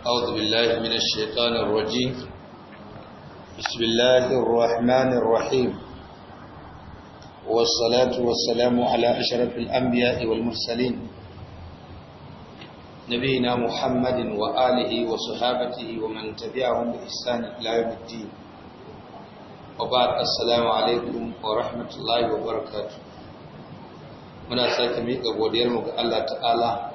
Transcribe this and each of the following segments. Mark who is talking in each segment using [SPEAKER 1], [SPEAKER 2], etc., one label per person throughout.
[SPEAKER 1] أعوذ بالله من الشيطان الرجيم بسم الله الرحمن الرحيم والصلاة والسلام على أشرف الأنبياء والمرسلين نبينا محمد وآله وصحابته ومن تبعهم بإحسان إلى يوم الدين وبعد السلام عليكم ورحمة الله وبركاته muna sake miƙa godiyarmu ga Allah ta'ala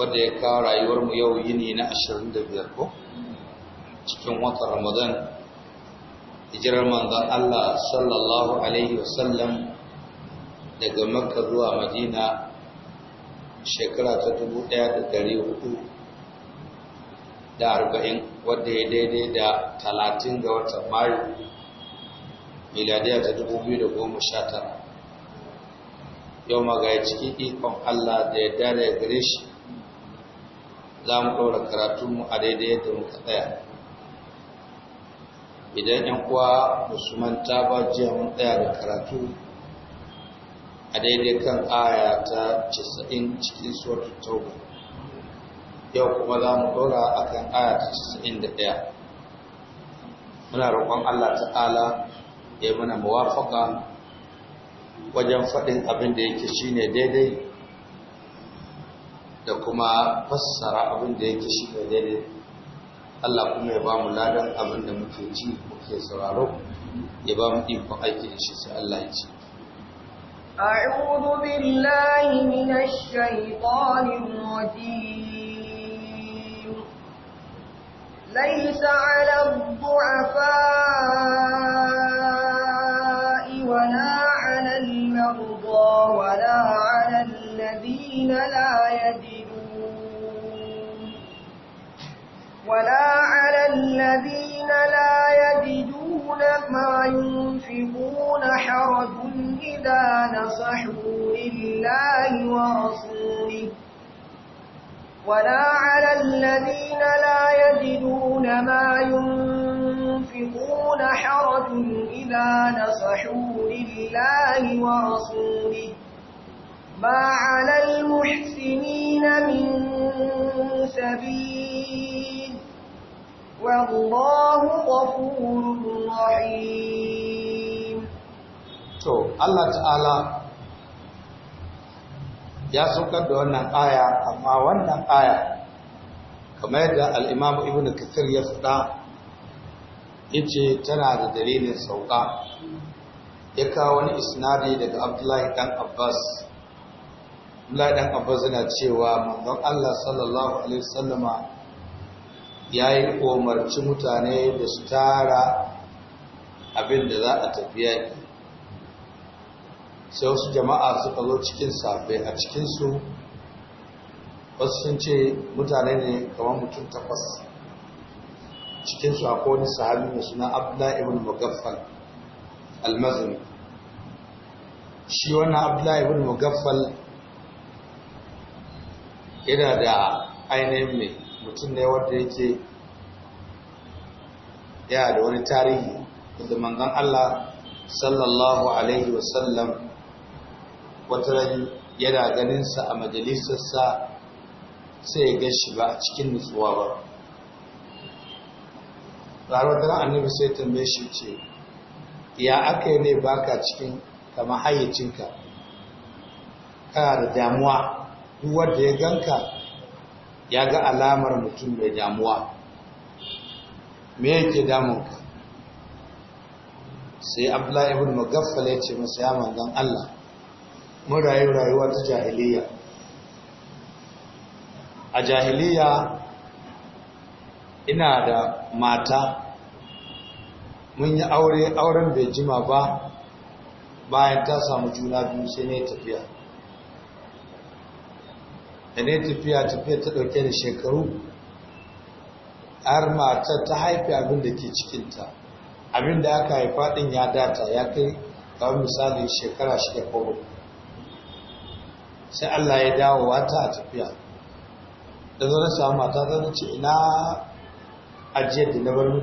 [SPEAKER 1] wanda ya kawo rayuwarmu yau yini na 25 ko cikin watan ramadan hijirar manzon Allah sallallahu alaihi wasallam daga makka zuwa madina shekara ta 1440 da arba'in wadda ya daidai da talatin ga watan mayu miladiya ta 2019 yau magaya cikin ikon Allah da ya dare gare shi za mu ɗaura karatunmu a daidai yadda muka tsaya idan yan kuwa musulman ta ba jiya mun tsaya da karatu a daidai kan aya ta 90 cikin suwatu tauba yau kuma za mu ɗora a kan aya ta 91 muna roƙon allah ta'ala ya mana mawafaka wajen faɗin abin da yake shine daidai da kuma fassara abin da yake shi da daidai Allah kuma ya ba mu ladan abin da muke ji muke sauraro ya ba mu ikon aiki da shi sai Allah ya ce
[SPEAKER 2] أعوذ بالله من الشيطان الرجيم ليس على الضعفاء حرج إذا نصحوا لله ورسوله ولا على الذين لا يجدون ما ينفقون حرج إذا نصحوا لله ورسوله ما على المحسنين من سبيل والله غفور رحيم
[SPEAKER 1] to Allah ta'ala ya saukar da wannan aya amma wannan aya kamar yadda al'imamu ibn kathir ya faɗa yace tana da dalilin sauka ya kawo wani isnadi daga abdullahi dan abbas abdullahi dan abbas yana cewa manzon allah sallallahu alaihi wasallama ya yi umarci mutane da su tara abin da za a tafi yi. sai wasu jama'a suka zo cikin safe a cikinsu wasu sun ce mutane ne kamar mutum takwas cikinsu a kowane sahabi mai suna abdullahi ibn mugaffal almazin shi wannan Abdullahi ibn mugaffal yana da ainihin mai mutum ne wanda yake yana da wani tarihi da manzon Allah sallallahu alaihi wasallam wataran yana ganinsa a majalisarsa sai ya gashi ba a cikin nutsuwa ba ranar da annabi sai tambaye shi ce ya aka yi ne baka cikin kama hayyacinka kana da damuwa duk wanda ya ganka ya ga alamar mutum mai damuwa me yake damunka sai abdullahi ibn mugaffal ya ce masa ya manzan Allah mun rayu rayuwa ta jahiliya a jahiliya ina da mata mun yi aure auren bai jima ba bayan ta samu juna biyu sai ne tafiya da ne tafiya tafiya ta ɗauke da shekaru har matar ta haifi abin da ke cikinta abin da aka haifa ɗin ya data ya kai kawai misali shekara shida ko sai Allah ya dawo wata a tafiya da na mata ta ce ina ajiyar da na bar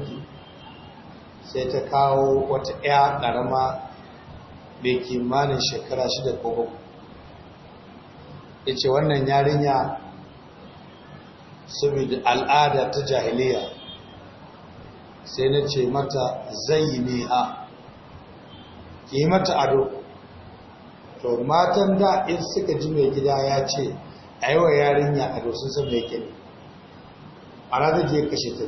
[SPEAKER 1] sai ta kawo wata ɗaya ƙarama mai kimanin shekara shida ko bakwai ya ce wannan yarinya saboda al'ada ta jahiliya sai na ce mata zai ne ha ki yi mata ado to matan da in suka ji mai gida ya ce a yi wa ya a dosun sun mai kini a ranar je kashe ta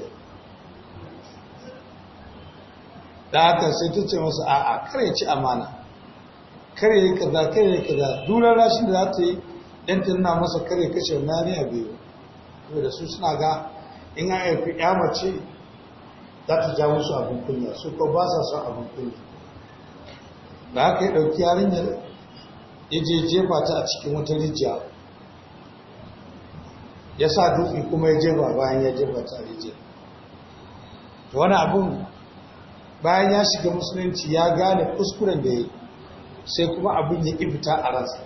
[SPEAKER 1] da haka sai ta ce masu a'a kare ci amana kare yi kaza kare yi kaza duran rashin da za ta yi dan ta nuna masa kare kashe ne a biyu da su suna ga in an fi ya mace za ta ja musu abin kunya su ko ba sa son abin kunya da haka ya ɗauki yarinyar ya jefa ta a cikin wata rijiya ya sa dutse kuma ya jefa bayan ya jefa ta a rijiya wani abin bayan ya shiga musulunci ya gane kuskuren da ya yi sai kuma abin ya ibita a ransa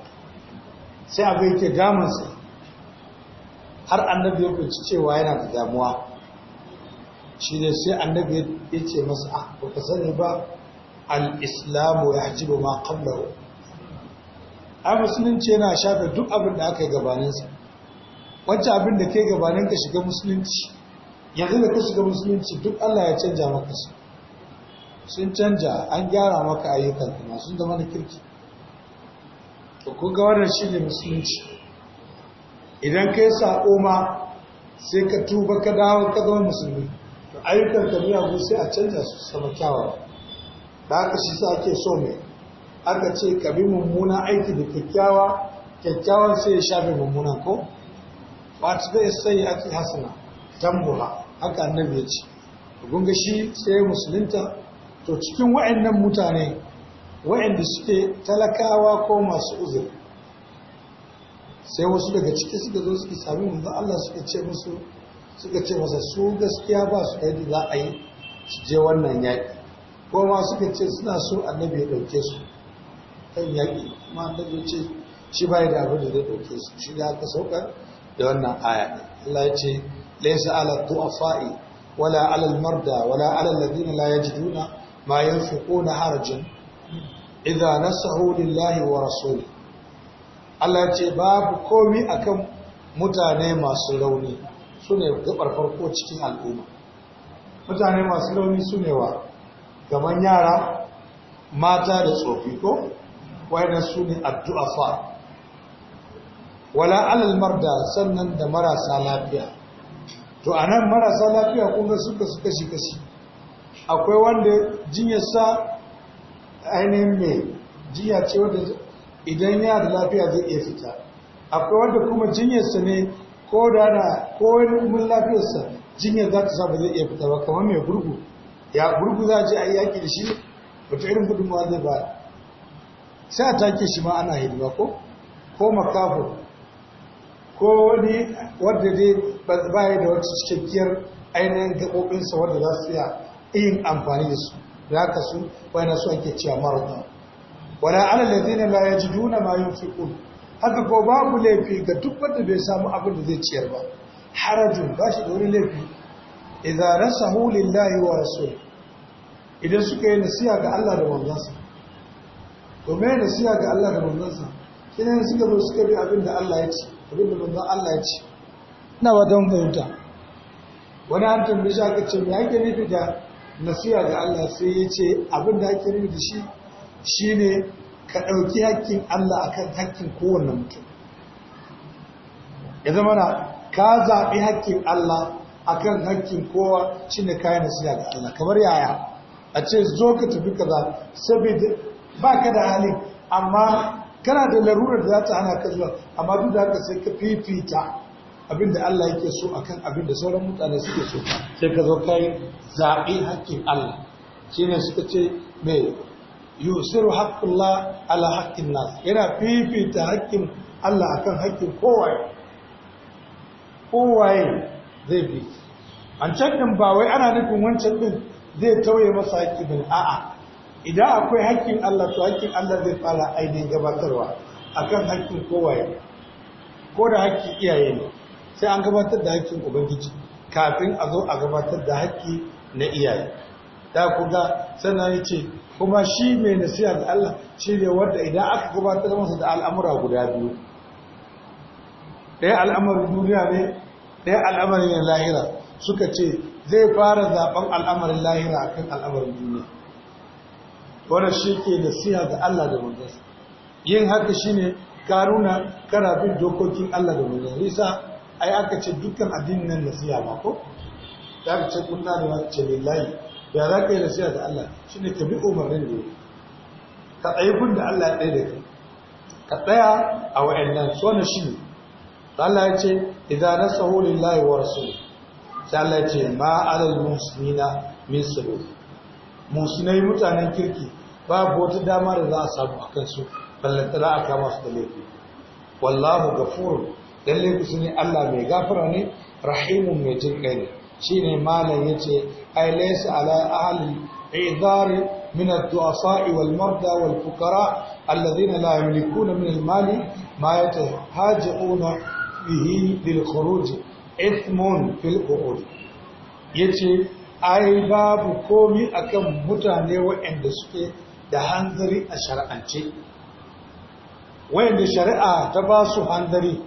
[SPEAKER 1] sai abin yake gamansa har annabi ya kunci cewa yana da damuwa shi ne sai annabi ya ce masa a ah, ba ka sani ba al-islamu ya ba ma qablahu ai musulunci yana shafe duk abin da aka yi gabaninsa wacce abin da ke gabanin ka shiga musulunci yanzu da ka shiga musulunci duk Allah ya canja maka su sun canja an gyara maka ayyukan kuma sun zama na kirki to ko ga wannan shine musulunci idan kai sako ma sai ka tuba ka dawo ka zama musulmi to ayyukan ka miyagu sai a canja su sama kyawawa da haka shi sa ake so mai aka ce ka bi mummuna aiki da kyakkyawa kyakkyawan sai ya shafe mummuna ko wata zai sai ake hasana tambuha haka annabi ya ce gunga shi sai musulunta to cikin wa'annan mutane wa'anda suke talakawa ko masu uzuri sai wasu daga ciki suka zo suke sami manzo Allah suka ce musu suka ce masa su gaskiya ba su da yadda za a yi su je wannan yaƙi ko suka ce suna so annabi ya ɗauke su kan yaƙi kuma annabi ce shi bai da abin da zai ɗauke su shi da aka saukar da wannan aya Allah ya ce laysa ala du'afa'i wala ala al-marda wala ala alladhina la yajiduna ma yanfiquna harajan idza nasahu lillahi wa rasuli Allah ya ce babu komi akan mutane masu rauni sune gabar farko cikin al'umma mutane masu rauni sune wa gaban yara mata da tsofi ko wayannan su ne fa. wala alal marda sannan da marasa lafiya to anan marasa lafiya kun ga suka suka shi kashi akwai wanda jinyarsa ainihin mai jinya ce wanda idan ya da lafiya zai iya fita akwai wanda kuma jinyarsa ne ko da na ko wani umin lafiyarsa jinyar za ta saba zai iya fita ba kamar mai gurgu ya gurgu za a je a yi yaƙi da shi wata irin gudunmawa zai ba sai ta take shi ma ana hidima ko ko makafu ko wani wadda dai ba ya da wata cikakkiyar ainihin gaɓoɓinsa wadda za su iya yin amfani da su da haka su na su ake cewa marata wala ala ya la duna ma yunfiqun haka ko babu laifi ga duk wanda bai samu abin da zai ciyar ba harajun ba shi da wani laifi idan rasa lillahi wa rasul idan suka yi nasiya ga Allah da manzansa Dominan da nasiha ga Allah da manzansa kina suka zo suka bi abin da Allah ya ce abin da manzan Allah ya ce ina ba don fahimta wani an tambaye shi aka ce me ake nufi da nasiya ga Allah sai ya ce abin da ake nufi da shi ne ka ɗauki hakkin Allah akan hakkin kowanne mutum ya zama na ka zaɓi hakkin Allah akan hakkin kowa ka kayan nasiha ga Allah kamar yaya a ce zo ka tafi kaza saboda ba ka da halin amma kana da larurar da za ta hana ka zuwa amma duk da haka sai ka fifita abin da Allah yake so akan abin da sauran mutane suke so sai ka zo kai zaɓi haƙƙin Allah ne suka ce mai yusiru haqqullah ala haqqin nas yana fifita haƙƙin Allah akan haƙƙin kowaye kowaye zai bi an can ba wai ana nufin wancan din zai tauye masa haƙƙi bil a'a idan akwai hakkin Allah to hakkin Allah zai fara ainihin gabatarwa akan hakkin kowaye ko da hakkin iyaye ne sai an gabatar da hakkin ubangiji kafin a zo a gabatar da hakki na iyaye da kuga sannan ya ce kuma shi mai nasiha da Allah shi ne wanda idan aka gabatar masa da al'amura guda biyu ɗaya al'amarin duniya ne ɗaya al'amarin lahira suka ce zai fara zaɓen al'amarin lahira akan al'amarin duniya Wani shi ke siya ga Allah da manzansa yin haka ne karuna kana bin dokokin Allah da manzansa yasa ai aka ce dukkan addinin nan da ba ko ta ce kun da ma ce lillahi ya za ka yi da siya ga Allah ne ka bi umarnin da ka tsaye kun da Allah ya tsaye da ka tsaya a wa'annan so na shi ne. Allah ya ce idan nasahu lillahi wa rasul sai Allah ya ce ma alal muslimina min sabr musulai mutanen kirki babu wata dama da za a samu a kansu ballantara a kama su da laifi wallahu gafurun lalle su ne Allah mai gafara ne rahimun mai jin kai ne shine malam yace ai laisa ala ahli idari min ad-du'asa wal marda wal fuqara alladhina la yamlikuna min al-mali ma yatahajuna bihi lil khuruj ithmun fil uqud yace ai babu komi akan mutane waɗanda suke da hanzari a shari'ance waɗanda shari'a ta ba su hanzari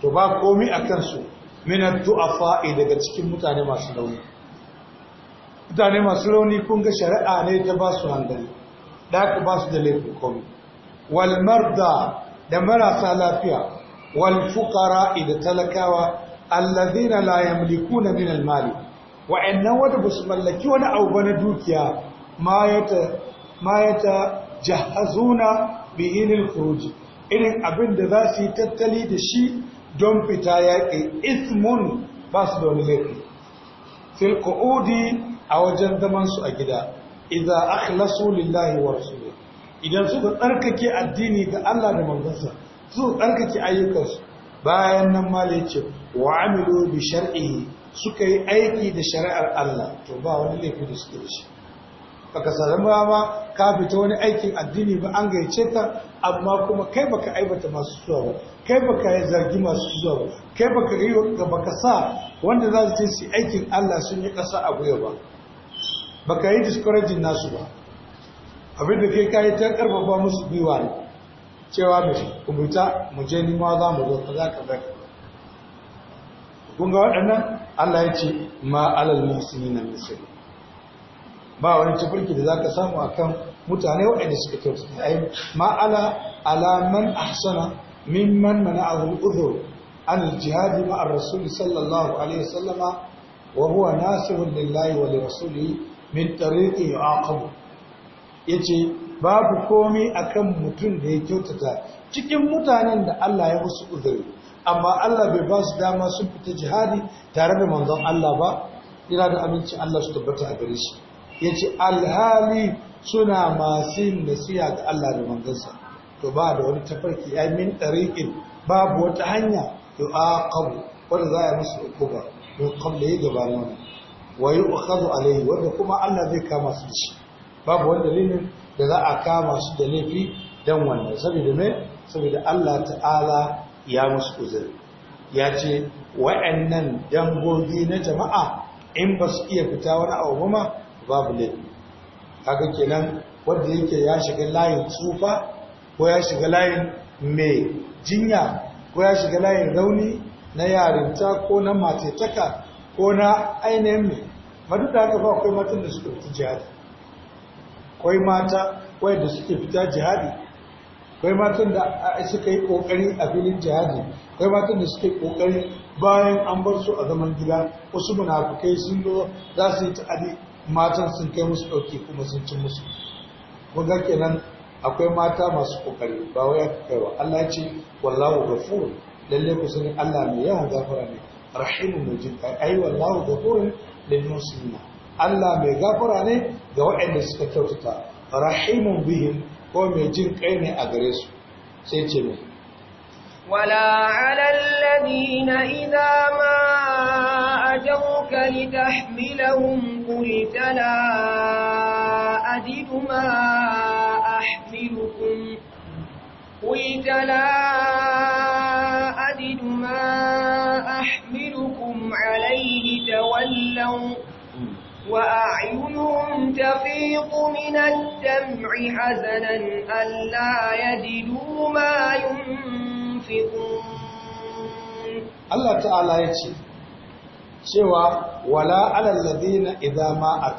[SPEAKER 1] to ba komi a kansu minar du'afa'i eh, daga cikin mutane masu launi mutane masu launi kun ga shari'a ne ta ba su hanzari da aka ba su da laifin komi walmar da marasa lafiya walfukara eh, da talakawa allazina la yamlikuna min al-mali. wa'annan wanda ba su mallaki wani abu ba na dukiya ma ya ta jahazuna bihinin kuruji irin abin da za su yi tattali da shi don fita yaƙi ismun ba su da wani laifi fil a wajen zamansu a gida idan akhlasu lillahi wa rasulih idan suka tsarkake addini ga Allah da manzansa su tsarkake ayyukansu bayan nan ma ce wa amilu bi shar'ihi suka yi aiki da shari'ar Allah to ba wani laifi da suke da shi baka sarar ba ka fita wani aikin addini ba an gaice ta amma kuma kai baka aibata masu zuwa ba kai baka zargi masu zuwa ba kai baka yi baka sa wanda za su ce su aikin Allah sun yi kasa a gwiwa ba baka yi discouraging nasu ba abin da kai kayi ta karfafa musu gwiwa cewa mai kubuta mu je ni ma za mu zo ka za ka kun ga waɗannan Allah ya ce ma alal yi na sabil ba wani tafirki da ka samu a kan mutane waɗanda suka kyautata ai ma ala alaman man ahsana mimman mana'ahu udhur an jihadi ma a sallallahu alaihi wasallama wa huwa nasirun lillahi wa rasuli min tariqi Ya yace babu komai kan mutum da ya kyautata cikin mutanen da Allah ya musu uzuri amma Allah bai ba su dama sun fita jihadi tare da manzon Allah ba ina da aminci Allah su tabbata a gare shi ce alhali suna masu nasiya ga Allah da manzansa to ba da wani tafarki yi min tariqin babu wata hanya a yu'aqabu wanda za a musu hukuma min qabli gabanin wa yu'khadhu alayhi wanda kuma Allah zai kama su shi babu wani dalilin da za a kama su da laifi dan wannan saboda me saboda Allah ta'ala ya musu uzuri ya ce wa'annan dangogi na jama'a in ba su iya fita wani abu babu laifi haka kenan wanda yake ya shiga layin tsufa ko ya shiga layin mai jinya ko ya shiga layin rauni na yarinta ko na matetaka ko na ainihin mai madu da haka ba akwai matan da suka fita jihadi akwai mata wadda suke fita jihadi kai matan da suka yi kokari a filin jihadi kai matan da suka yi kokari bayan an bar su a zaman gida wasu munafukai sun zo za su yi ta'adi matan sun kai musu ɗauki kuma sun ci musu kun kenan akwai mata masu kokari ba wai aka kai wa Allah ce wallahu ghafur lalle ku sani Allah mai yawan gafara ne rahimu mai jin kai ai wallahu ghafur lil muslimin Allah mai gafara ne ga waɗanda suka kyautata rahimun bihim ko mai jin kai ne a gare su sai ce mai wala
[SPEAKER 2] alalladina idza ma ajauka litahmilahum qulta la ajidu ma ahmilukum قلت لا أجد ما أحملكم عليه وأعينهم تفيض من الدمع حزنا ألا يجدوا ما ينفقون
[SPEAKER 1] Allah ta'ala ya ce, cewa wala الذين إذا ما a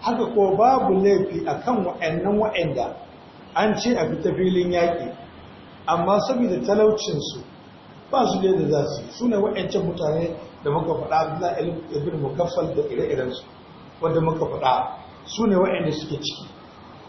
[SPEAKER 1] haka ko babu laifi a kan wa'annan wa'anda an ce a fita filin yaƙi, amma saboda talaucinsu ba su da za su yi, su ne wa'ancan mutane da muka faɗa Abdullahi ibn Mukaffal da ire-irensu wanda muka faɗa su ne waɗanda suke ciki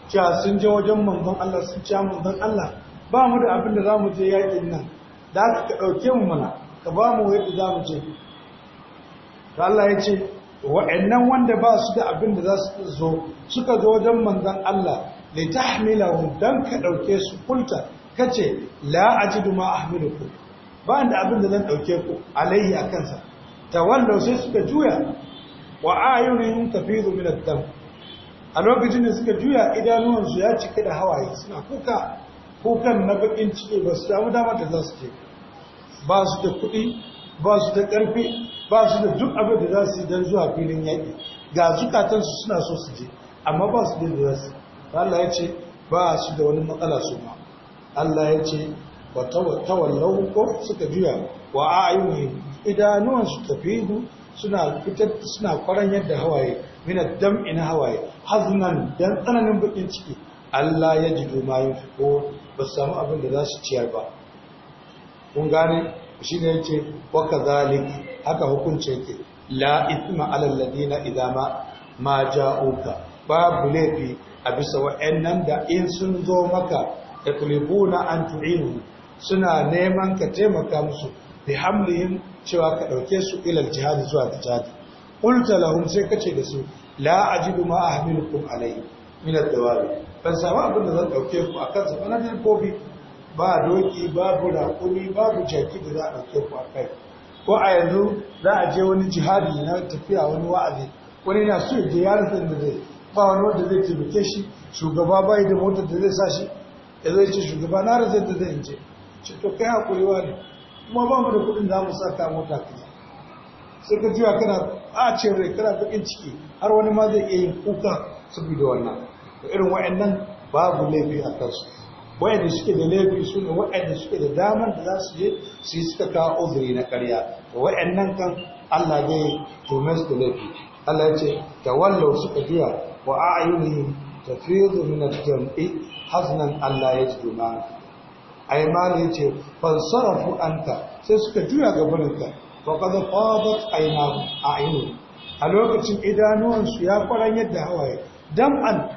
[SPEAKER 1] cewa sun je wajen manzon Allah sun ci manzon Allah ba mu da abin da za mu je yaƙin nan da aka ka ɗauke mu mana ka ba mu yadda za mu je to Allah ya ce wa'annan wanda ba su da abin da za su zo suka zo wajen manzon Allah li tahmilahum dan ka ɗauke su kulta kace la ajidu ma ahmilukum ba da abin da zan ɗauke ku alaihi a kansa wanda sai suka juya wa ayyunin tafizu min ad-dam a lokacin da suka juya idanuwan su ya cike da hawaye suna kuka kukan na bakin cike ba su samu damar da za su je ba su da kuɗi ba su da ƙarfi ba su da duk abin da za su yi don zuwa filin yaƙi ga su suna so su je amma ba su da za su Allah ya ce ba su da wani matsala su ma Allah ya ce ba tawallahu ko suka juya wa ayuni idanuwan su tafidu suna fitar suna kwaran yadda hawaye min dam'i na hawaye haznan dan tsananin bakin ciki Allah ya jidu ma ko ba samu abin da za su ciyar ba kun gane shi ne yace wa kazalik haka hukunce yake la ithma alal ladina idama ma ja'uka babu laifi a bisa wa'annan da in sun zo maka yatlibuna an tu'inu suna neman ka taimaka musu bi hamlihim cewa ka ɗauke su ilal jihadi zuwa jihadi qulta lahum sai kace da su la ajidu ma ahmilukum alayhi min ad-dawabi ban samu abin da zan ɗauke ku akan su bana jin kofi ba doki babu ba babu jaki da za a ɗauke ku akai ko a yanzu za a je wani jihadi na tafiya wani wa'azi wani na so je ya rasa da zai ba wani wanda zai taimake shi shugaba bai da motar da zai sa shi ya zai shugaba na rasa da zai je ce to kai hakuri wani. kuma ba mu da kuɗin za mu saka mota kaza sai ka jiwa kana ɓacin rai kana baƙin ciki har wani ma zai iya yin kuka saboda wannan da irin wa'annan babu laifi a kansu wa'anda suke da laifi su ne wa'anda suke da damar da za su je su yi suka kawo uzuri na karya da wa'annan kan Allah zai tume su da laifi Allah ya ce ta wallau suka jiya wa a'ayunihim tafidu min al-jam'i haznan Allah ya ji aymanu yace fansarafu ta sai suka juya ga ka fa qad fadat aynahu a'yunu a lokacin idanuwansu ya kwaran yadda hawaye dam'an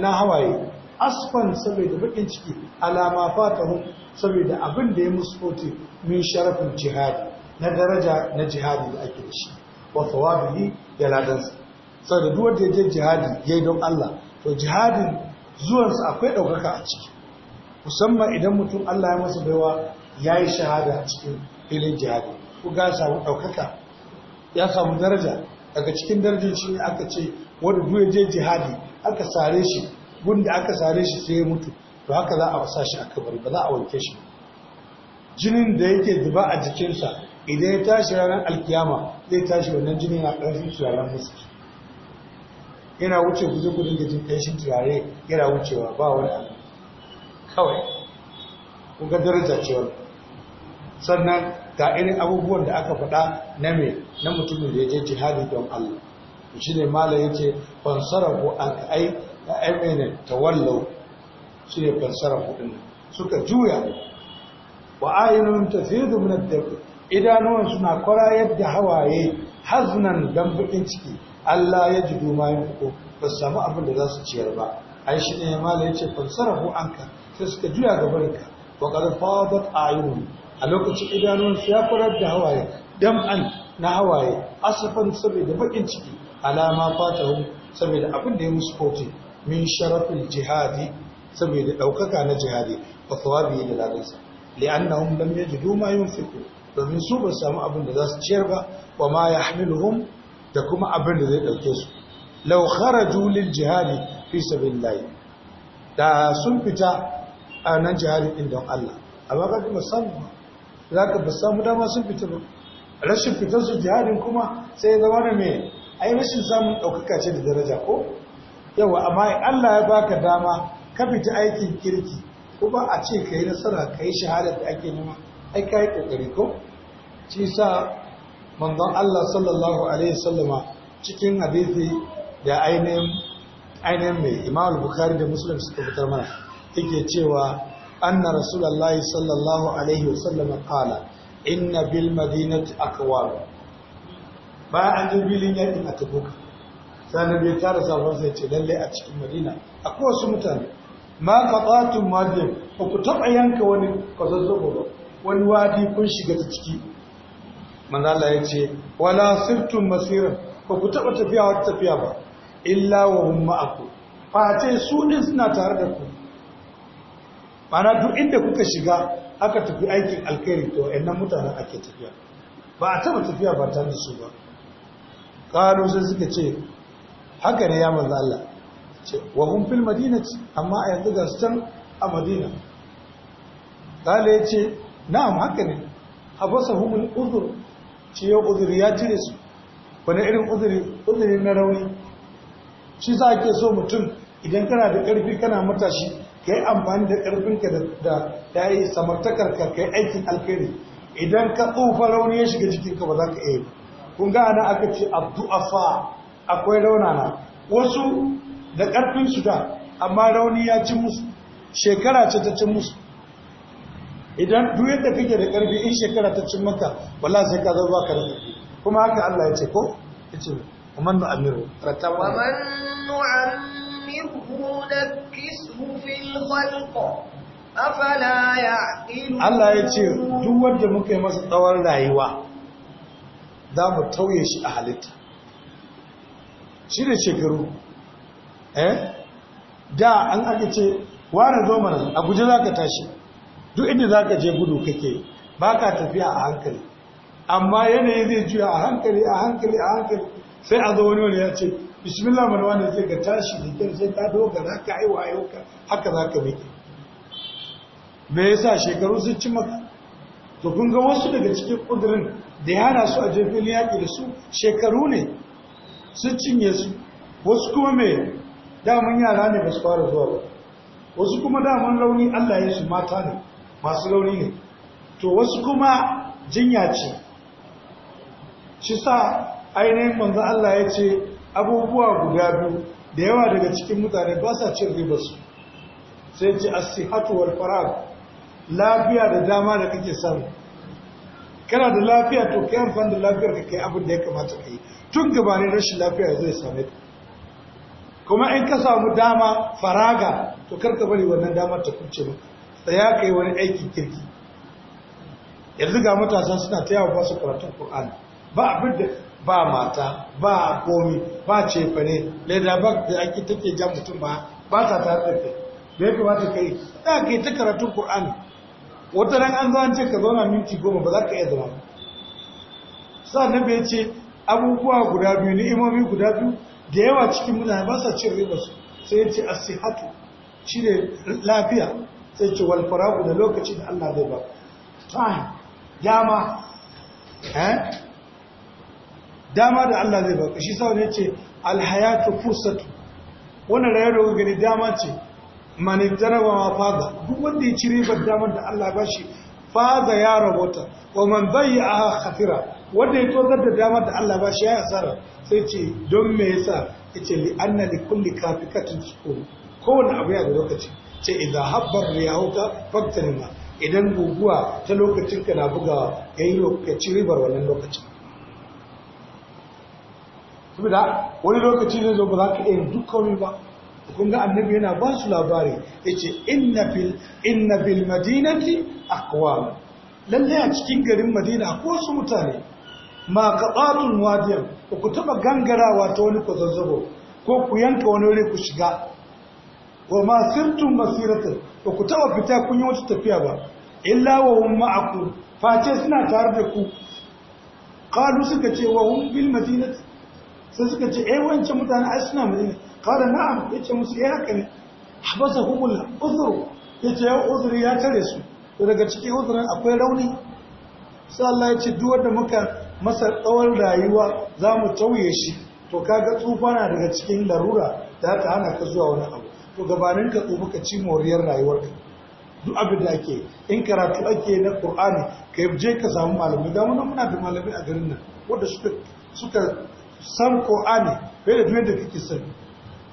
[SPEAKER 1] na hawaye asfan saboda bakin ciki alama fatahum saboda abin da ya musfote min sharafin jihadi na daraja na jihadi da ake da shi wa yi ya ladansa saboda duk wanda ya je jihadi yi don Allah to jihadin zuwansa akwai ɗaukaka a ciki musamman idan mutum Allah ya masa baiwa ya yi shahada cikin filin jihadi ko ga samu ɗaukaka ya samu daraja daga cikin darajar shi ne aka ce wanda duk je jihadi aka sare shi gunda aka sare shi sai ya mutu to haka za a wasa shi a kabari ba za a wanke shi jinin da yake zuba a jikinsa idan ya tashi ranar alkiyama zai tashi wannan jini a ƙarfin turaren musu yana wuce guje gudun da jin ƙanshin turare yana wucewa ba wani abu kawai kun ga daraja cewa sannan ga irin abubuwan da aka faɗa na me na mutumin da ya je jihadi don Allah shi ne mala ya ce fansarafu an ai a ta wallo su ne fansarafu ɗin suka juya wa ainihin tafiyu min ad-dabr idanuwan suna kwarayar yadda hawaye haznan dan bukin ciki Allah ya ji duma yin ko ba su samu abin da za su ciyar ba ai shi ne mala ya ce fansarafu anka sai suka juya ga barinka wa qad ayun a lokacin idanun su ya farar da hawaye dam'an na hawaye asafan saboda bakin ciki alama fatahu saboda abin da ya musu kote min sharafin jihadi saboda ɗaukaka na jihadi wa thawabi da ladansa li'annahum lam yajidu ma yunfiqu domin su ba samu abin da za su ciyar ba wa ma yahmiluhum da kuma abin da zai dauke su law kharaju lil jihadi fi sabilillah da sun fita a nan jihari din don Allah amma ka fi musamman za ka ba samu dama sun fita ba rashin fitar su jihadin kuma sai zama da mai ai rashin samun ɗaukaka ce da daraja ko yawa amma Allah ya baka dama ka fita aikin kirki kuma a ce ka yi nasara ka yi shahadar da ake nema ai ka yi ƙoƙari ko shi sa manzon Allah sallallahu alaihi sallama cikin hadisi da ainihin mai imam bukhari da musulun suka fitar mana take cewa anna rasulullahi sallallahu alaihi wasallam qala inna bil madinati aqwal ba an ji bilin yakin a tabuk sai bai tara sabon sai ce lalle a cikin madina akwai wasu mutane ma qatatu madin ba ku taba yanka wani kazazzo ba wani wadi kun shiga ta ciki manzo Allah ya ce wala sirtum masira ko ku taba tafiya wata tafiya ba illa wa hum ma'akum fa ce su din suna tare da ku mana duk inda kuka shiga aka tafi aikin alkhairi to ɗannan mutanen ake tafiya ba a taɓa tafiya ba ta da su ba ƙaro sai suka ce haka ne ya manzo Allah ce wa hum fil ce amma a yanzu ga su can a madina kale ya ce na'am haka ne habasa humul uzur ce yau uzuri ya cire su wani irin uzuri uzuri na rauni shi za ke so mutum idan kana da ƙarfi kana matashi ka yi amfani da ƙarfinka da ta yi samartakar ka ka yi aikin alkhairi idan ka tsufa rauni ya shiga jikinka ba za ka iya kun gana aka ce abdu'afa akwai raunana wasu da ƙarfin su da amma rauni ya ci musu shekara ce ta ci musu idan duk yadda kake da ƙarfi in shekara ta ci maka wala sai ka zo ba ka da ƙarfi kuma haka Allah ya ce ko ya ce ومن نعمره رتبه ومن
[SPEAKER 2] نعمره نكسه في
[SPEAKER 1] Allah ya ce duk wadda muka yi masa tsawon rayuwa za mu tauye shi a halitta shi da shekaru eh da an aka ce ware zo mana a guje za ka tashi duk inda za ka je gudu kake ba ka tafiya a hankali amma yanayi zai juya a hankali a hankali a hankali sai a zo wani wani ya ce bismillah marwa ne sai ka tashi da kyau sai ta dogara ka aiwa ayyuka haka za ka miƙe me yasa shekaru sun ci maka to kun ga wasu daga cikin ƙudurin da ya hana su a jirgin yaƙi da su shekaru ne sun cinye su wasu kuma me daman yara ne ba su fara zuwa ba wasu kuma daman rauni allah ya su mata ne masu rauni ne to wasu kuma jinya ce shi sa ainihin manzan allah ya ce abubuwa guda biyu da yawa daga cikin mutane ba sa cin ribarsu sai ce asihatu wal farag lafiya da dama da kake samu kana da lafiya to kai amfani da lafiyar ka kai abin da ya kamata ka yi tun gabanin rashin lafiya zai same ka kuma in ka samu dama faraga to kar ka bari wannan damar ta kuce maka tsaya ka yi wani aiki kirki yanzu ga matasa suna ta yawa ba su karatun Qur'ani ba abin da ba mata ba komi ba cefane leda ba da ake take jan mutum ba ba ta ta tafi kai da ya kamata kai da kai ta karatun Kur'ani. wata ran an zan ce ka zauna minti goma ba za ka iya zama sannan bai ce abubuwa guda biyu ni'imomi guda biyu da yawa cikin mutane ba sa cin riba su sai ya ce asihatu ne lafiya sai ce wal faragu da lokacin da Allah zai ba time dama eh dama da Allah zai baka shi sau ne ce alhayatu fursatu wannan rayuwar da gani dama ce mani wa faza duk wanda ya ci ribar damar da Allah ba shi faza ya rabota wa man zai a hafira wanda ya tozar da damar da Allah ba shi ya asara sai ce don me yasa yace li anna da kulli kafikatun sukun kowane abu ya da lokaci ce idza habbar riyahuka faktanima idan guguwa ta lokacin ka na bugawa yayi lokaci ribar wannan lokacin saboda wani lokaci ne zo ba za ka iya duk kawai ba kun ga annabi yana ba su labari yace inna fil inna bil madinati aqwam lalle a cikin garin madina ko su mutane ma wadiyar ba ku taba gangarawa ta wani kwazazzabo ko ku yanka wani wuri ku shiga wa ma sirtun ba ku taba fita kun yi wata tafiya ba illa wa hum face suna tare da ku qalu suka ce wa hum bil madinati sai suka ce eh wancan mutane a suna madina qala na'am ce musu ya eh, haka ne habasa uzru uzuru ya uzuri ya tare su to daga ciki uzurin akwai rauni sai Allah ya ce duwar da muka masa tsawon rayuwa za mu tauye shi to kaga tsufa na daga cikin larura da haka ana ka zuwa wani abu to gabanin ka tsufa ka ci moriyar rayuwarka duk abin da ake in karatu ake na Qur'ani ka je ka samu malami da mun muna da malami a garin nan wanda suka san ƙo'ani fiye da duk da kake sani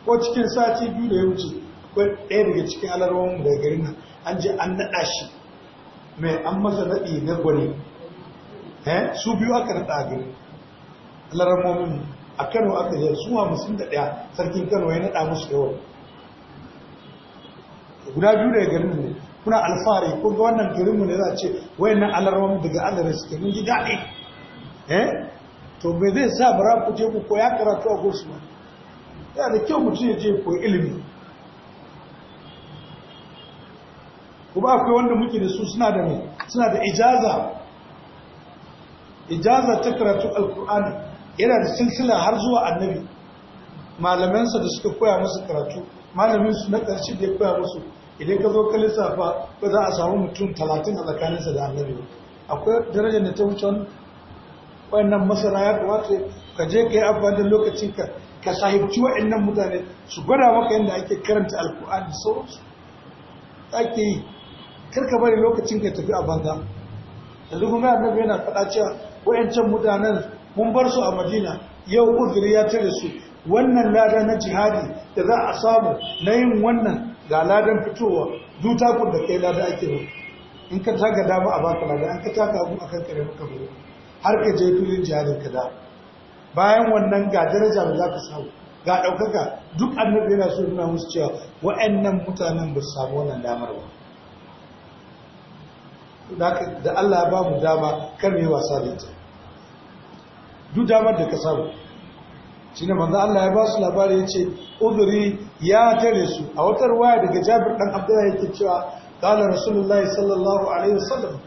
[SPEAKER 1] ko cikin sati biyu da ya wuce akwai ɗaya daga cikin alarwan daga garin nan an je an naɗa shi mai an masa naɗi na gwani su biyu aka naɗa a gari alarmomin a kano aka yi su ma musulun da ɗaya sarkin kano ya naɗa musu yawa guda biyu daga garin mu kuna alfahari ko ga wannan garin mu ne za a ce wayannan alarmomin daga alarin suke mun ji daɗi eh to bai zai sa bara ku je ku koya karatu a gursu ba yana da kyau mutum ya je koyi ilimi Ku ba akwai wanda muke da su suna da mai suna da ijaza ijaza ta karatu alkur'ani yana da silsila har zuwa annabi malamansa da suka koya musu karatu malamin su na karshe da ya koya musu idan ka zo ka lissafa ba za a samu mutum talatin a tsakaninsa da annabi akwai darajar da ta wuce wayannan masara ya kamata ka je ka yi abubuwan da lokacin ka ka sahibci wayannan mutane su gwada maka yadda ake karanta alkur'ani da sauransu ake yi karka bari lokacin ka tafi a banza da kun annabi yana faɗa cewa wayancan mutanen mun bar su a madina yau uzuri ya tare su wannan lada na jihadi da za a samu na yin wannan ga ladan fitowa dutakun da kai lada ake ba in ka taka dama a baka lada an ka taka abu akan kare maka har ka je filin jihadin ka da bayan wannan ga daraja ba za ka samu ga ɗaukaka duk annabi yana so nuna musu cewa wa'annan mutanen ba su samu wannan damar ba da Allah ba mu dama kar mu yi wasa da ita duk damar da ka samu shi ne manzo Allah ya ba su labari ya ce uzuri ya tare su a wata waya daga Jabir dan Abdullahi yake cewa qala rasulullahi sallallahu alaihi wasallam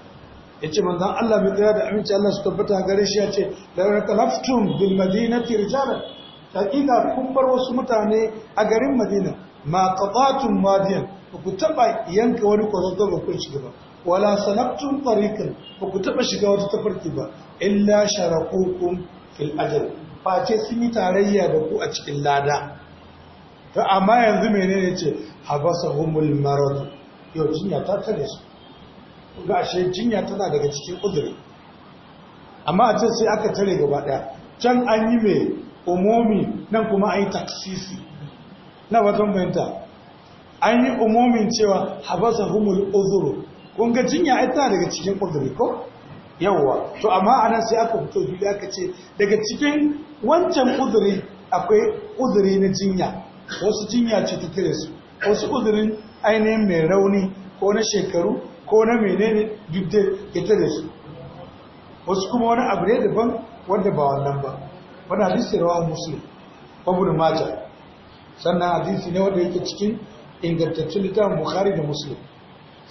[SPEAKER 1] yace manzon Allah mai tsaya da aminci Allah su tabbata gare shi yace la talaftum bil madinati ta hakika kun bar wasu mutane a garin Madina ma qatatum ba ku taba yanka wani kwazo ba kun shiga ba wala sanabtum ba ku taba shiga wata tafarki ba illa sharaqukum fil ajr face sun yi tarayya da ku a cikin lada Ta amma yanzu menene ce habasahumul marad yau jinya ta tare su shi jinya tana daga cikin uzuri amma a can sai aka tare gaba daya can an yi mai umomi nan kuma an yi taksisi na watan bayanta an yi cewa habasa humul uzuru kun ga jinya ai tana daga cikin uzuri ko yawwa to amma anan sai aka fito biyu aka ce daga cikin wancan uzuri akwai uzuri na jinya wasu jinya ce ta tare su wasu uzurin ainihin mai rauni ko na shekaru ko na menene duk da ita da su wasu kuma wani abu ne daban wanda ba wannan ba wani hadisi rawa babu da mata sannan hadisi ne wanda yake cikin ingantattun littafin bukhari da musulun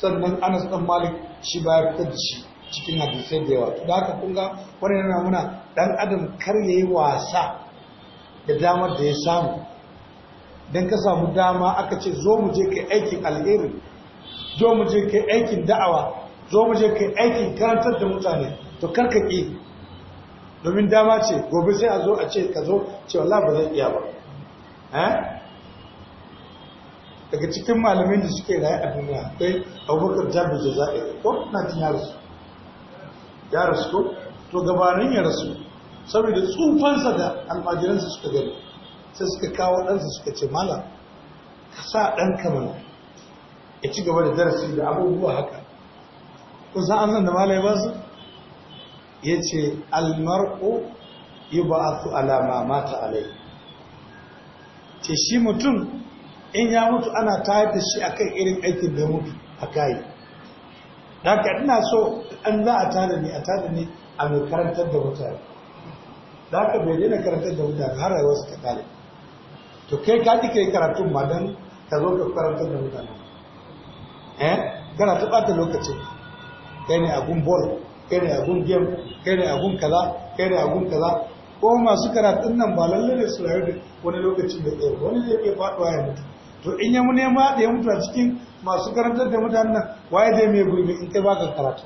[SPEAKER 1] sannan anas dan malik shi ba ya fitar da shi cikin hadisai da yawa da haka kun wani yana muna dan adam kar ya yi wasa da damar da ya samu dan ka samu dama aka ce zo mu je kai aikin alherin. zo mu je kai aikin da'awa zo mu je kai aikin karantar da mutane to karkake domin dama ce gobe sai a zo a ce ka zo ce wallahi ba zan iya ba eh? daga cikin malamin da suke rayu a duniya akwai abubakar jabir zaɓe ko na tun rasu ya rasu ko to gabanin ya rasu saboda tsufansa da almajiransa suka gani sai suka kawo ɗansa suka ce malam, ka sa ɗanka mana ya ci gaba da darasi da abubuwa haka kusan an san da malai ba su ya ce almar'u yi ba a su alama mata alai ce shi mutum in ya mutu ana tayar da shi akan irin aikin da mutu a kayi da ka ina so an za a tada ne a tada ne a mai karantar da mutane da ka bai dina karantar da mutane har rayuwarsu ta kare to kai ka ka kai karatun ma don ka zo ka karantar da mutane eh kana ta bata lokacin kai ne abun bol, kai ne abun game kai ne abun kaza kai ne abun kaza ko masu karatun nan ba lalle ne su rayu da wani lokaci da tsaye wani zai iya faɗuwa ya mutu to in ya mu nema da ya mutu a cikin masu karantar da mutanen nan waye dai mai gurbi in kai baka karatu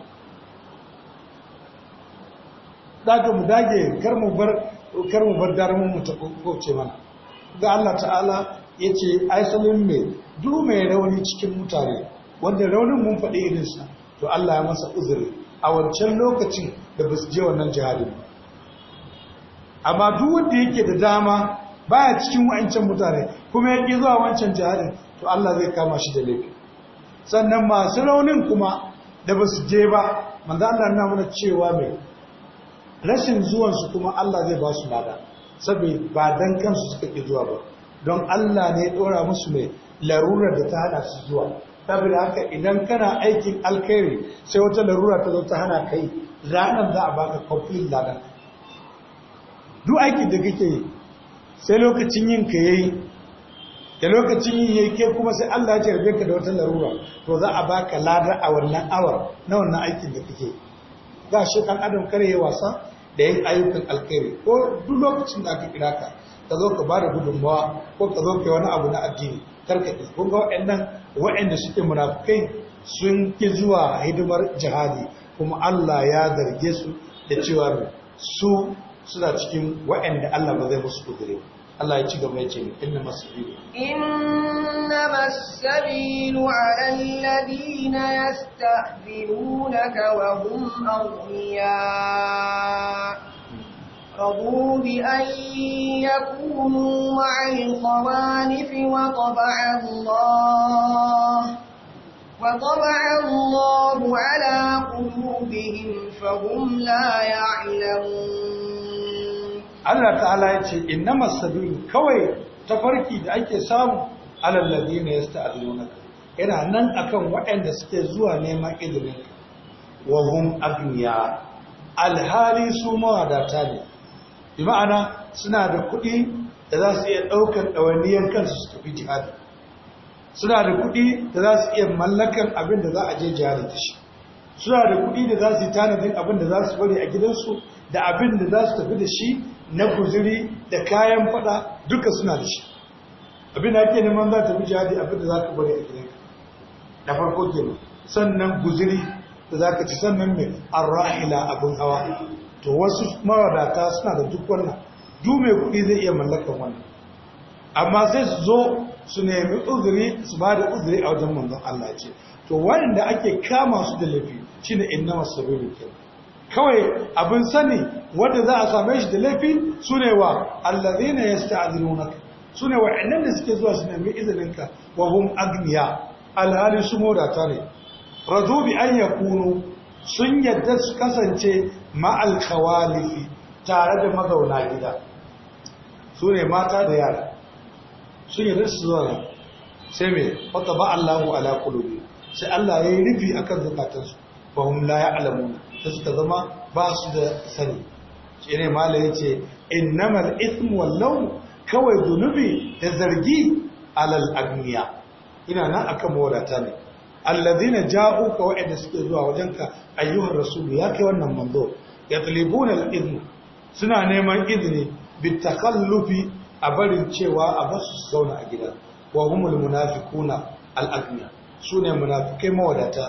[SPEAKER 1] daga mu dage kar mu bar kar mu bar mun mu ta kokoce mana ga Allah ta'ala yace aisalin me du mai rauni cikin mutane wanda raunin mun faɗi irinsa to Allah ya masa uzuri a wancan lokacin da ba su je wannan jihadin amma duk wanda yake da dama baya cikin wancan mutane kuma ya ƙi zuwa wancan jihadin to Allah zai kama shi da laifi sannan masu raunin kuma da ba su je ba manzo Allah na mana cewa mai rashin zuwansu kuma Allah zai ba su lada saboda ba dan kansu suka ƙi zuwa ba don Allah ne ya ɗora musu mai larurar da ta hada su zuwa saboda haka idan kana aikin alkhairi sai wata larura ta zo ta hana kai ranar za a baka complete lada duk aikin da kake yi sai lokacin yin ka yayi da lokacin yin yayi ke kuma sai Allah ya jarbe ka da wata larura to za a baka lada a wannan awar na wannan aikin da kake ga shi kan adam kare ya wasa da yin ayyukan alkhairi ko duk lokacin da aka kira ka ka zo ka ba da gudunmawa ko ka zo ka yi wani abu na addini ka ki kun ga waɗannan waɗanda suke munafukai sun ki zuwa hidimar jihadi kuma Allah ya zarge su da cewa su suna cikin waɗanda Allah ba zai musu kudure Allah ya ci gaba ya ce inna masabilu
[SPEAKER 2] inna masabilu ala alladhina yastahbilunaka wa hum aghniya رضوا بأن يكونوا مع الخوالف وطبع الله وطبع الله على قلوبهم فهم لا يعلمون
[SPEAKER 1] Allah ta'ala ya ce innama sabilu kawai tafarki da ake samu alal ladina yasta'dunaka yana nan akan waɗanda suke zuwa neman ilimin wa hum agniya alhali su mawadata ne bi ma'ana suna da kuɗi da za su iya ɗaukar ɗawanniyan kansu su tafi jihadi suna da kuɗi da za su iya mallakan abin da za a je jihadi da shi suna da kuɗi da za su yi tanadin abin da za su bari a gidansu da abin da za su tafi da shi na guziri da kayan fada duka suna da shi abin da ake neman za ta fi jihadi abin da za ka bari a gidanka da farko kenan sannan guziri da za ka ci sannan mai arrahila abin hawa to wasu mawadata suna da duk wannan duk mai kuɗi zai iya mallakan wannan amma sai su zo su nemi uzuri su ba da uzuri a wajen manzon Allah ce to waɗanda ake kama su da laifi shine inna masabiru ke kawai abin sani wanda za a same shi da laifi Su ne wa Su ne wa inna da suke zuwa su nemi izininka wa hum agniya alhali su ne razu bi an yakunu sun yadda su kasance ma'al kawalifi tare da mazauna gida su ne mata da yara su yi rasu zuwa sai mai wata ba Allahu ala kulubi sai Allah ya yi rufi akan zukatansu ba hum la ya'lamun suka zama ba su da sani shi ne mala yace innamal ithmu wal law kawai zunubi da zargi alal agniya ina nan akan mawadata ne ja'u ja'uka wa'ida suke zuwa wajenka ayyuhar rasulu ya kai wannan manzo yatlibuna al-idhn suna neman izini bitakallufi a barin cewa a basu su zauna a gida wa humul munafiquna al-aghniya sune munafikai mawadata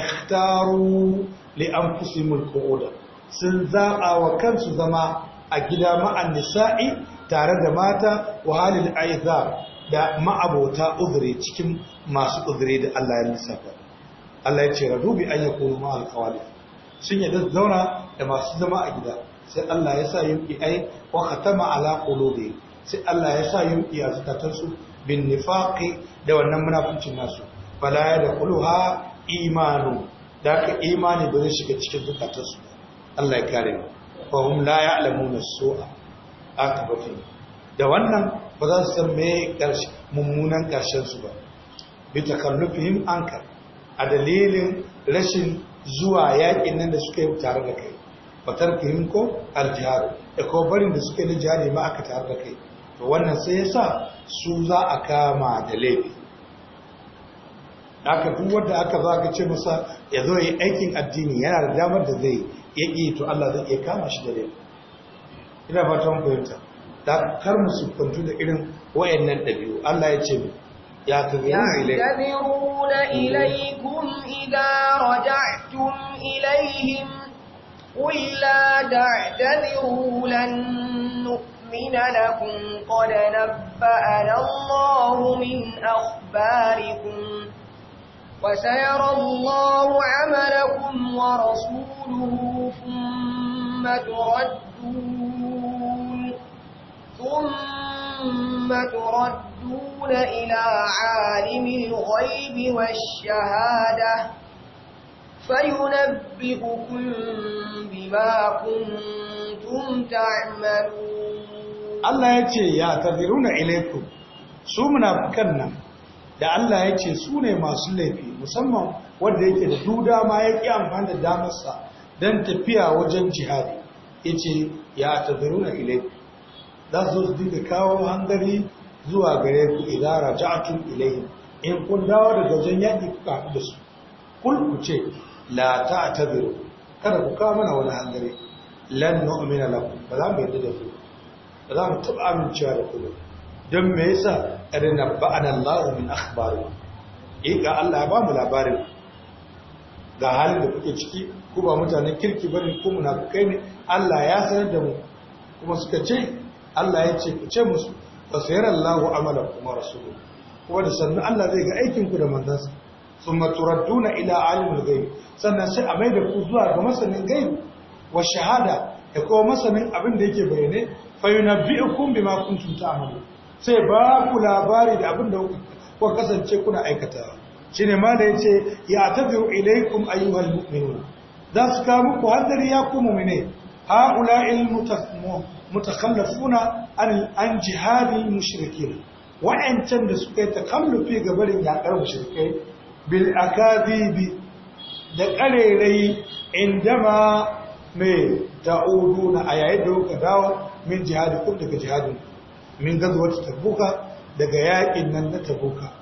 [SPEAKER 1] ikhtaru li anfusihim al-qu'uda sun za'a wa kansu zama a gida ma'an nisa'i tare da mata wa halil aizar da ma'abota uzuri cikin masu uzuri da Allah ya lissafa Allah ya ce radubi an yakunu ma'al qawalif sun yadda zauna da masu zama a gida sai Allah ya sa yunki ai wa khatama ala qulubi sai Allah ya sa yunki a zakatansu bin nifaqi da wannan munafincin nasu fala ya dakhuluha imanu da ka imani ba zai shiga cikin zakatansu Allah ya kare mu fa hum la ya'lamuna su'a akbatin da wannan ba za su san me karshe mummunan karshen su ba bi takallufihim ankar a dalilin rashin zuwa yaƙin nan da suka yi tare da kai fatar ko aljihar da kuma barin da suka yi na jihar ma aka tare da kai to wannan sai ya sa su za a kama da laifi aka duk wanda aka za ka ce masa ya zo yi aikin addini yana da damar da zai yi, to Allah zai iya kama shi da laifi ina fatan fahimta da kar mu da irin wayannan dabi'u, Allah ya ce mu يعتذرون
[SPEAKER 2] إليكم إذا رجعتم إليهم قل لا تعتذروا لن نؤمن لكم قد نبأنا الله من أخباركم وسيرى الله عملكم ورسوله ثم تردون ثم تردون يرجعون إلى عالم الغيب والشهادة فينبئكم بما كنتم
[SPEAKER 1] تعملون الله يتي يعتذرون إليكم su munafikan nan da Allah ya ce su ne masu laifi musamman wanda yake da duda ma ya ƙi amfani da damarsa don tafiya wajen jihadi ya ce ya tazaruna ilaiku za su su dinga kawo hangari zuwa gare ku idan raja'tum ilayhim in kun dawo daga wajen yaki kuka haɗu da su kul ku ce la ta'tabiru kada ku kawo mana wani hangare lan nu'mina lakum ba za mu yarda da ku ba za mu taɓa amincewa da ku dan don me yasa arina ba'ana Allah min akhbari eh ga Allah ya ba mu labarin ga hali da kuke ciki ku ba mutanen kirki bane ku kai ne Allah ya sanar da mu kuma suka ce Allah ya ce ku ce musu fa sayarallahu amalakum wa rasuluhu kuma da sannu Allah zai ga aikin ku da manzansa thumma na ila alimul gai. sannan sai a maida ku zuwa ga masanin gaibi wa shahada da kuma masanin abin da yake bayyane fa yunabbi'ukum bima kuntum ta'malun sai ba ku labari da abin da kuka kasance kuna aikata. shine ma da yace ya Ilaikum ilaykum ayyuhal mu'minun za su kawo muku hadari ya ku mu'mine ha'ula'il mutasmun mutakallafuna an jihadi mushrikina wa'ancan da suka yi takallufi ga barin yakar mushrikai bil akadibi da karerai indama mai ta'uduna a da kuka dawo min jihadi kun daga jihadin min gazuwar tabuka daga yakin nan na tabuka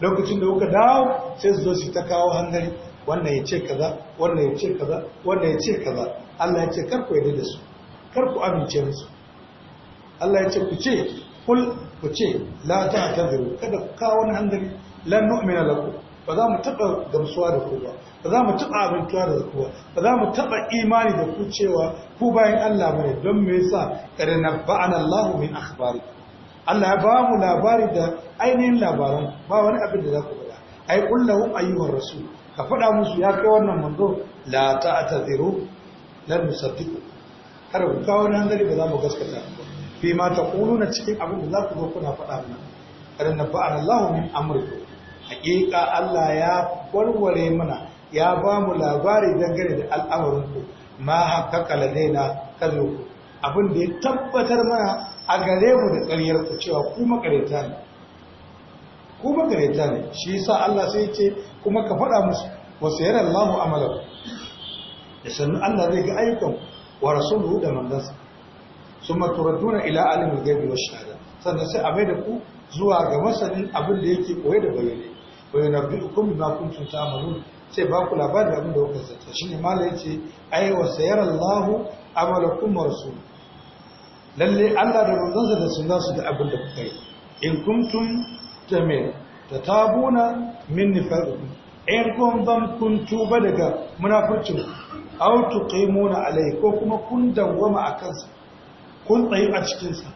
[SPEAKER 1] lokacin da kuka dawo sai zo su ta kawo hangari wannan ya ce kaza wannan ya ce kaza wannan ya ce kaza Allah ya ce kar ku yarda da su kar ku amince musu Allah ya ce ku ce kul ku ce la kada ku kawo wani hanzari lan nu'mina lakum ba za mu taɓa gamsuwa da ku ba ba za mu taɓa abintuwa da ku ba ba za mu taɓa imani da ku cewa ku bayan Allah ba ne don me yasa karina ba'ana Allah min akhbari Allah ya ba mu labari da ainihin labaran ba wani abin da za ku faɗa ai kullahum ayyuhar rasul ka faɗa musu ya kai wannan manzo la ta'tadiru lan nusaddiqu har ku kawo ran ba za mu gaskata fi ma taquluna cikin abin da za ku zo kuna faɗa mana ƙarin na ba'ar Allah min amrikum haƙiƙa Allah ya warware mana ya ba mu labari dangane da al'amarin ma haka kalade na kazo abin da ya tabbatar mana a gare mu da ƙaryar ku cewa ku makareta ne ku makareta ne shi yasa Allah sai ce kuma ka faɗa musu wasu sayara Allahu amalahu da sannu Allah zai ga ayyukanku wa rasuluhu da manzansa summa turadduna ila alimul ghaibi wash shahada sannan sai a mai da ku zuwa ga masanin abin da yake koye da bayyane bayyana bi hukum bima ta ta'malun sai ba ku labarin abin da kuka zata shine malai yace ai wa sayarallahu amalakum wa rasul lalle Allah da manzansa da sunna su da abin da kuka yi in kuntum tamil tatabuna min nifaqikum Yan kun kun tuba daga munafurcin au tuqimuna alai ko kuma kun dangwama a kansa kun tsayu a cikinsa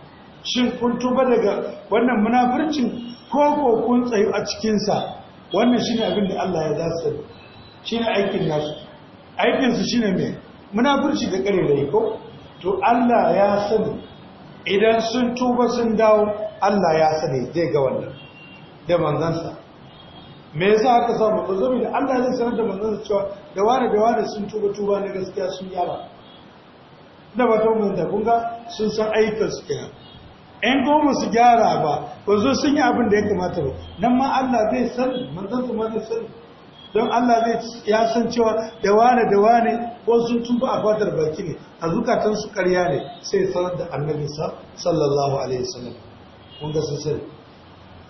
[SPEAKER 1] shin kun tuba daga wannan munafurcin ko ko kun tsayu a cikinsa wannan shine abin da Allah ya dace shine aikin nasu aikin su shine me munafurci da karerai ko to Allah ya sani idan sun tuba sun dawo Allah ya sani zai ga wannan da manzansa me yasa aka sa manzo saboda Allah zai sanar da manzon cewa da wani da wani sun tuba tuba na gaskiya sun yaba da ba ta mun da kun ga sun san aikin su kenan ɗan goma su gyara ba wanzu sun yi abin da ya kamata ba nan ma Allah zai san manzon su ma zai sani don Allah zai ya san cewa da wane da wane ko sun tuba a fatar baki ne a zukatan su ƙarya ne sai sanar da annabinsa sallallahu alaihi wasallam kun ga sun sani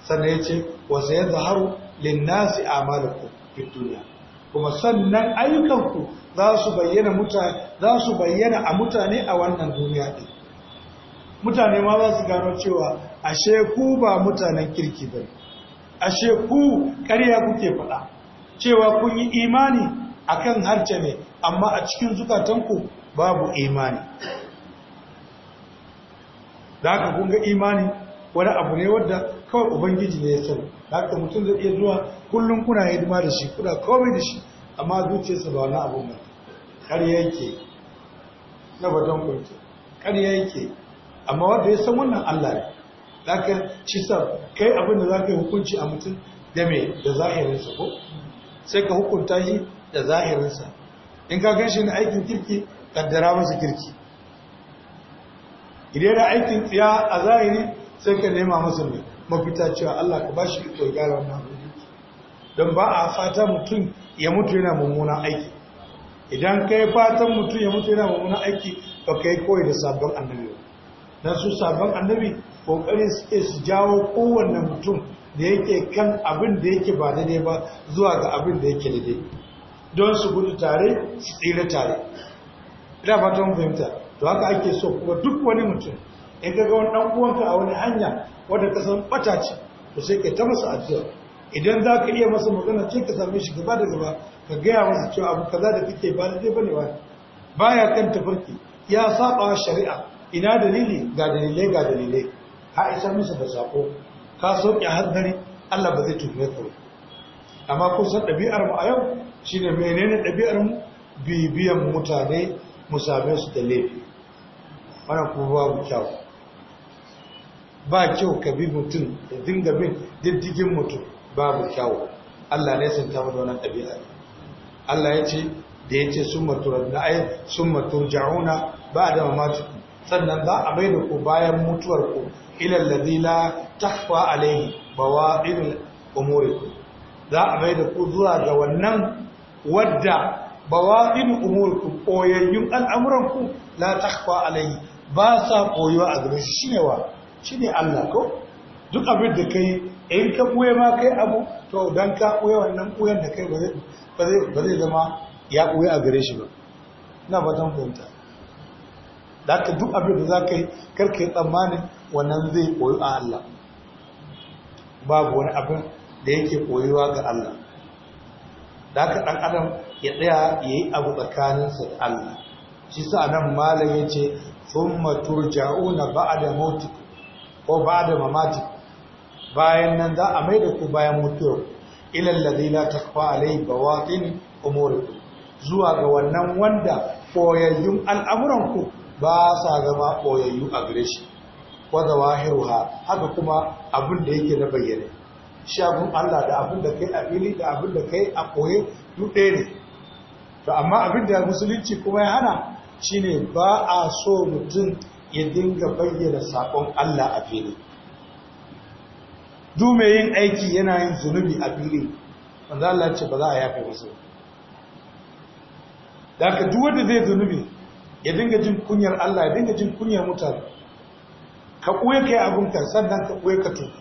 [SPEAKER 1] sannan ya ce wasu yadda haru linnasi amalukum fid dunya kuma sannan ayyukanku za su bayyana mutane za su bayyana a mutane a wannan duniya din mutane ma za su gano cewa ashe ku ba mutanen kirki bane ashe ku ƙarya kuke faɗa cewa kun yi imani akan harce ne amma a cikin zukatanku babu imani da haka kun ga imani wani abu ne wadda kawai ubangiji ne ya sani Da haka mutum zai iya zuwa kullum kuna hidima da shi kuna komai da shi amma zuciyarsa ba wani abu mai ƙarya yake na baton kwanke ƙarya yake amma wanda ya san wannan Allah ne Da haka ci sa kai abin da ka yi hukunci a mutum da mai da zahirinsa ko sai ka hukunta shi da zahirinsa in ka gan shi na aikin kirki kaddara masa kirki idan da aikin tsiya a zahiri sai ka nema masa mai mafita cewa Allah ka bashi iko ya gyara wannan abin don ba a fata mutum ya mutu yana mummuna aiki idan kai fatan mutum ya mutu yana mummuna aiki ba kai koyi da sabon annabi na su sabon annabi kokarin suke su jawo kowanne mutum da yake kan abin da yake ba daidai ba zuwa ga abin da yake daidai don su gudu tare su tsira tare ina fatan fahimta to haka ake so kuma duk wani mutum in ga wani dan uwanka a wani hanya wadda ta san bata ce to sai ka ta masa addu'a idan za ka iya masa magana ce ka same shi gaba da gaba ka gaya masa cewa abu kaza da kake ba da bane ba baya kan tafarki ya saba shari'a ina dalili ga dalilai ga dalilai ha isa musu da sako ka sauke hadari Allah ba zai tuhume ka amma kusan ɗabi'ar mu a yau shine menene ɗabi'ar mu bibiyan mutane mu same su da laifi wannan kuma babu kyau ba kyau ka bi mutum da dinga bin diddigin mutum babu kyau Allah ne sun tamu da wannan ɗabi'a Allah ya ce da ya ce sun matu na sun matu ja'una ba da mamatu sannan za a mai da ku bayan mutuwar ku ilallazi la tahfa alaihi bawa'il umurikum za a mai da ku zuwa ga wannan wadda bawa'il ku koyayyun al'amuranku la tahfa alaihi ba sa koyuwa a gare shi ne wa shi ne Allah ko duk abin da kai in ka ɓuye ma kai abu to don ka ɓuye wannan ɓuyen da kai ba zai zama ya ɓuye a gare shi ba na ba don fahimta da ka duk abin da za ka yi karka yi tsammanin wannan zai ɓoyi a Allah babu wani abin da yake ɓoyewa ga Allah da ka ɗan adam ya tsaya ya yi abu tsakaninsa da Allah shi sa nan malam ya ce sun maturja'una ba a da motiku ko ba da mamati bayan nan za a mai da ku bayan mutuwar ilal ladina takwa alai bawatin umurikum zuwa ga wannan wanda koyayyun al'amuranku ku ba sa zama koyayyu a gare shi wahiru ha haka kuma abin da yake na bayyana. shagun Allah da abin da kai a fili da abin da kai a koye duk ne to amma abin da musulunci kuma ya hana shine ba a so mutum ya dinga bayyana sakon Allah a fili Dume yin aiki yana yin zunubi a fili wanda Allah ce ba za a yafe musu da aka duk wanda zai zunubi ya dinga jin kunyar Allah ya dinga jin kunyar mutane ka ɓoye ka yi abinka sannan ka ɓoye ka tuka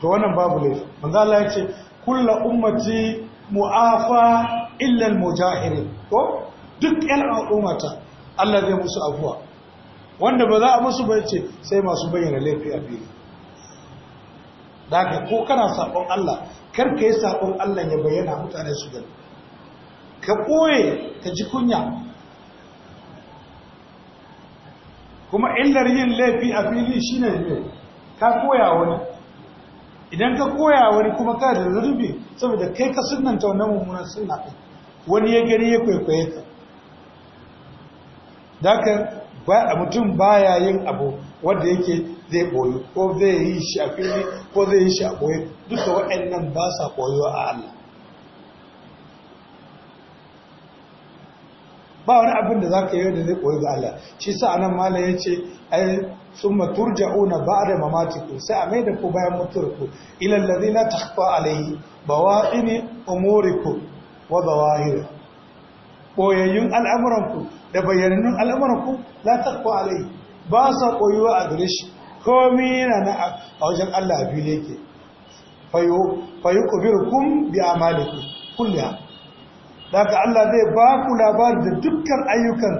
[SPEAKER 1] to wannan babu laifi wanda Allah ya ce kullu ummati mu'afa illan mujahirin ko duk yan al'ummata Allah zai musu afuwa wanda ba za a musu ba ce sai masu bayyana laifi a fili da ka ko kana sabon Allah kar ka yi sabon Allah ya bayyana mutane su gani ka koye ka ji kunya kuma illar yin laifi a fili shine ne ka koya wani idan ka koya wani kuma ka da zurbi saboda kai ka ta wannan mummunan sunna wani ya gani ya kwaikwaye ka da ba mutum baya yin abu wanda yake zai boyu ko zai yi shi fili ko zai yi shi a boye duka waɗannan ba sa koyo a Allah ba wani abin da za ka yi da zai koyo ga Allah shi sa anan malam ya ce ai sun maturja'una ba da mamatiku sai a mai da ku bayan muturku ilallazi na takwa alaihi ba wa ini umuriku wa zawahiru Koyayyun al'amuranku da bayyanannun al'amuranku ta taqwa alai ba sa koyuwa a gare shi komi na na a wajen Allah biyu ne ke fayi fayo kubirukum bi kulle. Da daga Allah zai ba ku labarin da dukkan ayyukan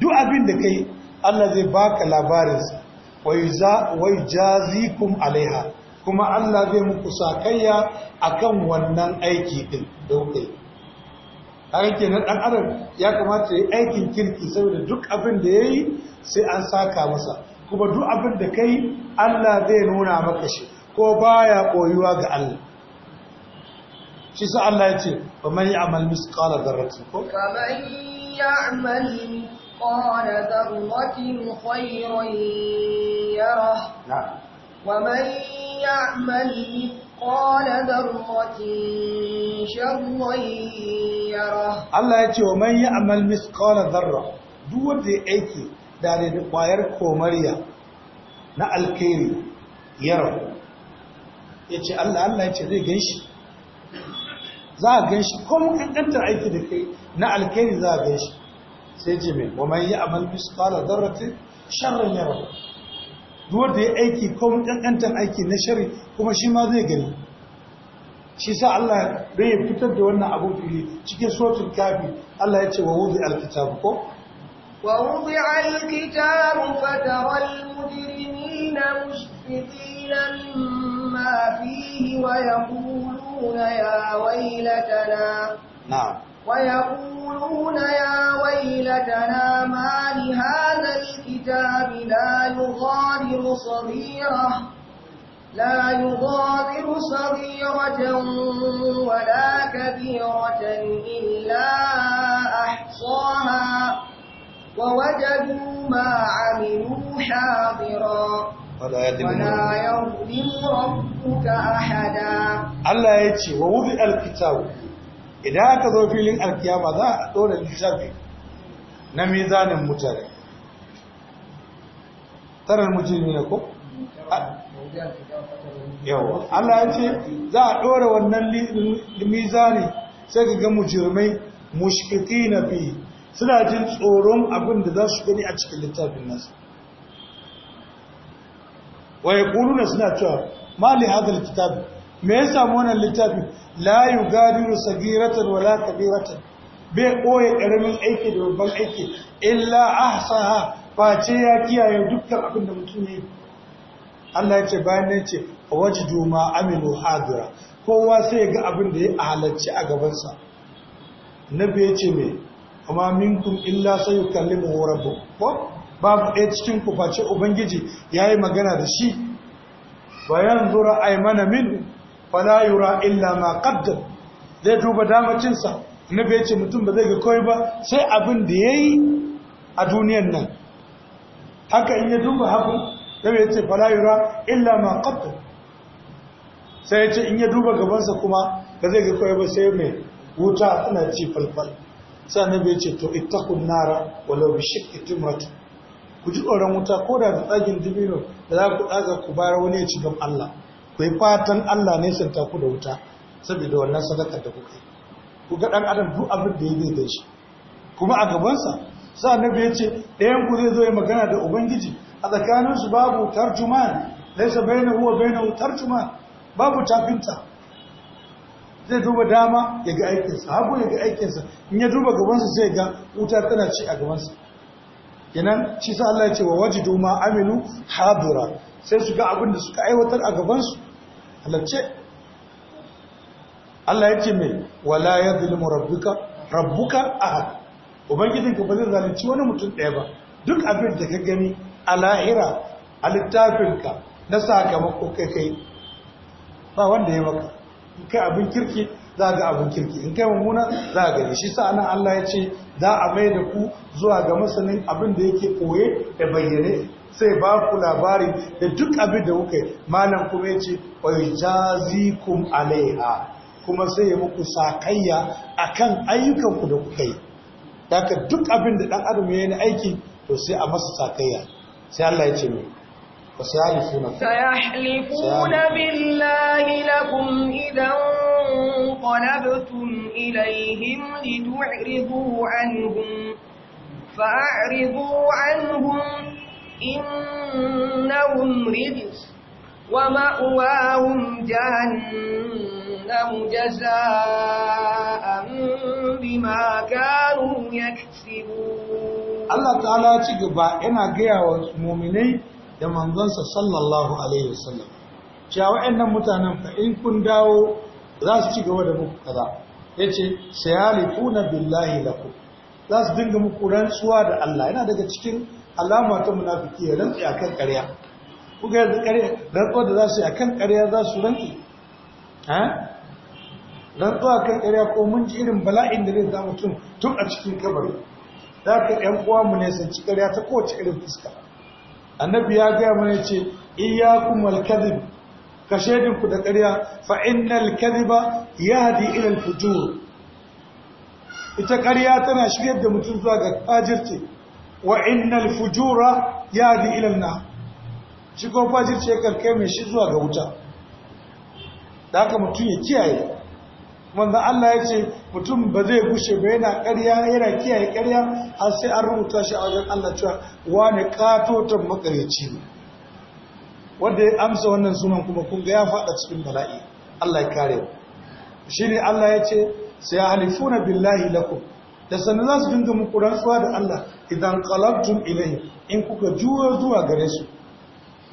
[SPEAKER 1] duk abin da kai Allah zai baka labarinsa wai za wai jazikum alaiha kuma Allah zai muku sakayya akan wannan aiki din da haka nan dan adam ya kamata ya aikin kirki saboda duk abin da yayi sai an saka masa kuma duk abin da kai Allah zai nuna maka shi ko baya koyuwa ga Allah shi sa Allah ya ce wa man ya'mal misqala dharratin ko
[SPEAKER 2] kaman ya'mal misqala dharratin khayran yarah wa man يعمل مثقال ذرة شرا يره
[SPEAKER 1] الله يتي ومن يعمل مثقال ذرة duk wanda ya aiki da ƙwayar kwayar komariya na alkhairi yaro ya ce Allah Allah ya ce zai gan shi za a gan shi ko mun kankantar aiki da kai na alkhairi za a gan shi sai jimin mai wa man yi amal misqala dharratin sharran yaro duwar da ya aiki ko mutankantar aiki na shari kuma shi ma zai gani shi sa Allah don ya fitar da wannan abu fili cikin sotun kafi Allah ya ce wa wuzi alkitabu ko
[SPEAKER 2] wa wuzi alkitabu fataral mujrimina mushfiqina mimma fihi wa yaquluna ya waylatana
[SPEAKER 1] na'am ويقولون يا ويلتنا ما لهذا الكتاب الكتاب لا يغادر صغيرة لا يغادر
[SPEAKER 2] صغيرة ولا كبيرة إلا أحصاها ووجدوا ما عملوا حاضرا
[SPEAKER 1] آية ولا
[SPEAKER 2] يظلم ربك أحدا
[SPEAKER 1] الله يأتي ووضع الكتاب إذا أكذوا في لين القيامة ذا دون الكتاب na mizanin mutane tarar mujirmi ne ko yawa Allah ya ce za a ɗora wannan ne sai ga mujirmai mushkiki na fi suna jin tsoron abin da za su gani a cikin littafin nasu waye na suna cewa mali hadal kitab me ya samu wannan littafi la yugadiru sagiratan wala kabiratan bai koye ƙaramin aiki da babban aiki illa ahsaha face ya kiyaye dukkan abin da mutum ya yi Allah ya ce bayan nan ce wajidu juma aminu hadira kowa sai ya ga abin da ya halarci a gabansa Na biya ce mai amma minkum illa sai mu kallimu rabbu ko babu ɗaya cikin ku face ubangiji yi magana da shi bayan zura mana min fala yura illa ma kaddar. zai duba damacinsa na biya ce mutum ba zai ga kawai ba sai abin da yi a duniyan nan haka in ya duba hagu zai ya ce falayura illa ma qatta sai ya ce in ya duba gabansa kuma ba zai ga kawai ba sai mai wuta tana ci falfal sai annabi bai ce to ittaqun nara wala bi shiqqi timrat ku ji tsoron wuta ko da da tsagin dibino da za ku tsaga ku bayar wani ya ci gam Allah ku yi fatan Allah ne san ta ku da wuta saboda wannan sadakar da kuka yi ku ga ɗan adam duk abin da ya bai da shi kuma a gabansa sa annabi ya ce ɗayan ku zai zo ya magana da ubangiji a tsakaninsu babu tarjuman laisa bainahu huwa bainahu tarjuman babu tafinta zai duba dama ya ga aikinsa hagu ya ga aikinsa in ya duba gabansa sai ga wuta tana ci a gabansa kenan shi sa Allah ya ce wa wajidu ma amilu hadira sai su ga abin da suka aiwatar a gabansu halarce Allah ya ce mai wala yadhlimu rabbuka rabbuka ahad ubangijinka ba zai zalunci wani mutum ɗaya ba duk abin da ka gani a lahira a littafinka na sakamako kai kai ba wanda ya maka in kai abin kirki za ga abin kirki in kai mummuna za ga gani shi sa Allah ya ce za a mai da ku zuwa ga masanin abin da yake koye da bayyane sai ba ku labari da duk abin da kuka yi malam kuma ya ce jazikum alaiha kuma sai ya muku sakayya akan ayyukanku da kuka yi haka duk abin da ɗan adam ya yi aiki to sai a masa sakayya sai Allah ya ce mai sai halifu na
[SPEAKER 2] fa’arifu na fa’arifu na fa’arifu na fa’arifu ومأواهم جهنم جزاء بما كانوا يكسبون
[SPEAKER 1] الله تعالى تجبا إنا قيا مؤمنين da manzonsa sallallahu alaihi wasallam cewa wa'annan mutanen fa in kun dawo za su ci gaba da muku kaza yace kuna billahi lakum za su dinga muku rantsuwa da Allah yana daga cikin alama ta munafiki ya rantsi akan ƙarya da yanzu rantsuwa da za su yi a kan ƙarya za su rantsu rantsuwa kan ƙarya ko mun ji irin bala'in da zai za mutum tun a cikin kabari za ka ‘yan uwa mu ne sun ci ƙarya ta kowace irin fuska annabi ya gaya mana ce iyyakum al-kadhib ka ku da ƙarya fa innal kadhiba yahdi ila al-fujur ita ƙarya tana shiryar da mutum zuwa ga fajirci wa innal fujura yahdi ila an shi ko fajir ya karke mai shi zuwa ga wuta da haka mutum ya kiyaye wanda Allah ya ce mutum ba zai gushe ba yana ƙarya yana kiyaye karya har sai an rubuta shi a wajen Allah cewa wani katoton makaryaci ne wanda ya amsa wannan sunan kuma kun ga ya faɗa cikin bala'i Allah ya kare shi ne Allah ya ce sai ya na billahi lakum da sannan za su dinga muku rantsuwa da Allah idan qalabtum ilayhi in kuka juyo zuwa gare su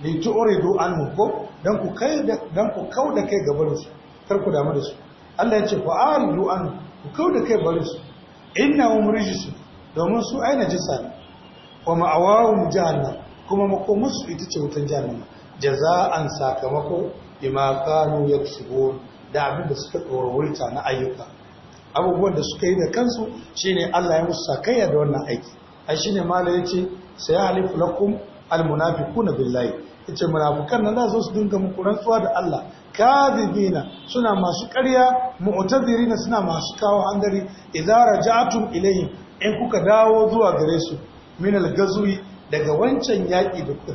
[SPEAKER 1] li tu'ridu anhum ko dan ku kai dan ku kauda kai gaban su kar ku damu da su Allah ya ce ku aridu an ku kauda kai bare su innahum rijsun domin su aina jisa ne wa ma'awahum jahannam kuma musu ita ce wutan jahannam jaza'an sakamako bima kanu yaksubun da abin da suka tsorowulta na ayyuka abubuwan da suka yi da kansu shine Allah ya musu sakayya da wannan aiki ai shine malai yace sayahlifu lakum almunafiquna billahi ce munafukan nan za su dinga muku rantsuwa da Allah kadhibina suna masu ƙarya mu'tazirina suna masu kawo hangari idza raja'tum ilayhim in kuka dawo zuwa gare su min al-gazwi daga wancan yaƙi da kuka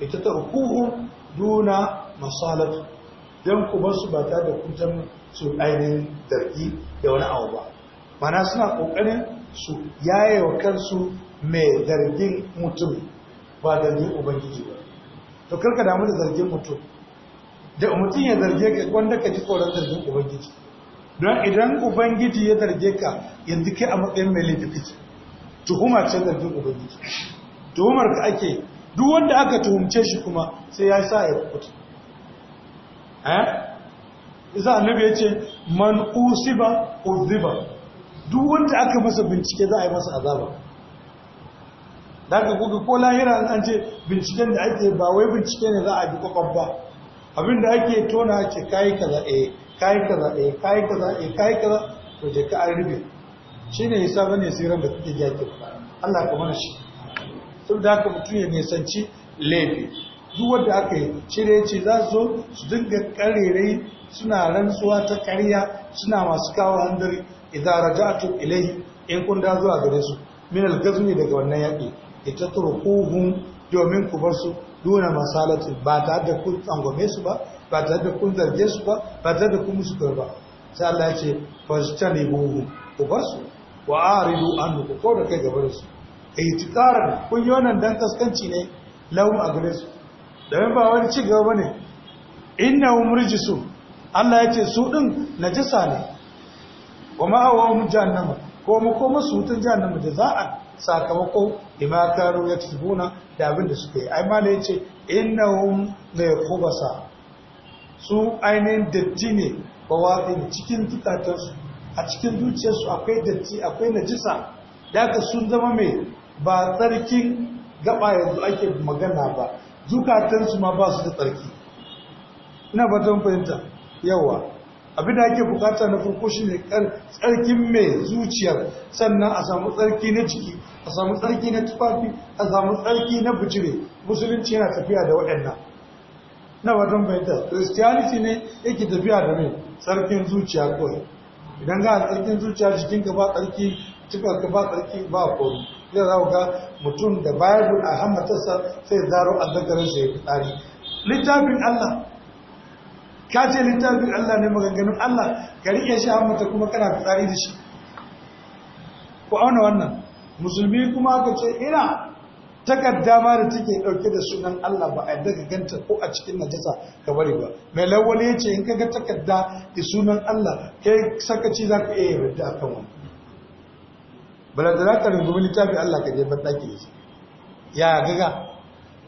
[SPEAKER 1] ita ta rukuhu duna masalatu Dan ku su ba ta da kutan su ainihin zargi da wani abu ba mana suna ƙoƙarin su yaye kansu mai zargin mutum ba zargin ubangiji ba to karka damu da zargin mutum da mutum ya zarge ka wanda ka ji tsoron zargin ubangiji don idan ubangiji ya zarge ka yanzu kai a matsayin mai laifin kake tuhuma ce zargin ubangiji tuhumar ka ake duk wanda aka tuhumce shi kuma sai ya sa ya kuta eh? isa annabi ya ce man usiba uziba duk wanda aka masa bincike za a yi masa azaba da ka kuka ko lahira an ce binciken da ake ba wai bincike ne za a bi kwakwab ba abin da ake tona ce kayi kaza eh kayi kaza eh kayi kaza eh kayi kaza to je ka an rufe shi ne yasa bane siran da kuke jaki Allah ka mana shi da aka mutum ya nisanci laifi duk wanda aka yi cire ce za su su dinga karere suna rantsuwa ta karya suna masu kawo handari idan raja'atu ilai in kun da zuwa gare su min al daga wannan yaƙi huhun domin ku bar su, duna masalatu ba ta da kun tsangwame su ba ba ta da kun zarge su ba ba ta da kun musu ba sai Allah ya ce fastanibuhu ku bar su wa aridu an ku koda kai gaba da su itikaran kun yi wannan dan kaskanci ne lahum a gare su domin ba wani ci gaba ne inna umrijisu Allah ya ce su din najisa ne wa ma'awahum jahannama ko mu koma su hutun jahannama jaza'an sakamako bima ci buna da abin da suka yi ai mala ce, innahum la yakhubasa su ainihin datti ne bawatin cikin tukatansu a cikin zuciyarsu akwai datti akwai najisa daga sun zama mai ba tsarkin gaba yanzu ake magana ba zukatansu ma ba su da tsarki ina ba ta fahimta yawa abinda da ake bukata na farko shi ne tsarkin mai zuciyar sannan a samu tsarki na ciki a samu tsarki na tufafi a samu tsarki na bujire musulunci yana tafiya da waɗanda na wajen bayyanta christianity ne yake tafiya da mai tsarkin zuciya kawai idan ga tsarkin zuciya jikinka ba tsarki tufarka ba tsarki ba komi zai za ga mutum da bible a hamatarsa sai zaro a zakarin sai ya fitari littafin allah ka ce littafin Allah ne maganganun Allah ka riƙe shi hammata kuma kana fitsari da shi ku auna wannan musulmi kuma ka ce ina takarda ma da take dauke da sunan Allah ba a yadda ka ganta ko a cikin najasa ka bari ba mai lawali ya ce in ka ga takarda da sunan Allah kai sakaci za ka iya yarda a kan wani balantana ka rungumi littafin Allah ka je ban ɗaki shi ya gaga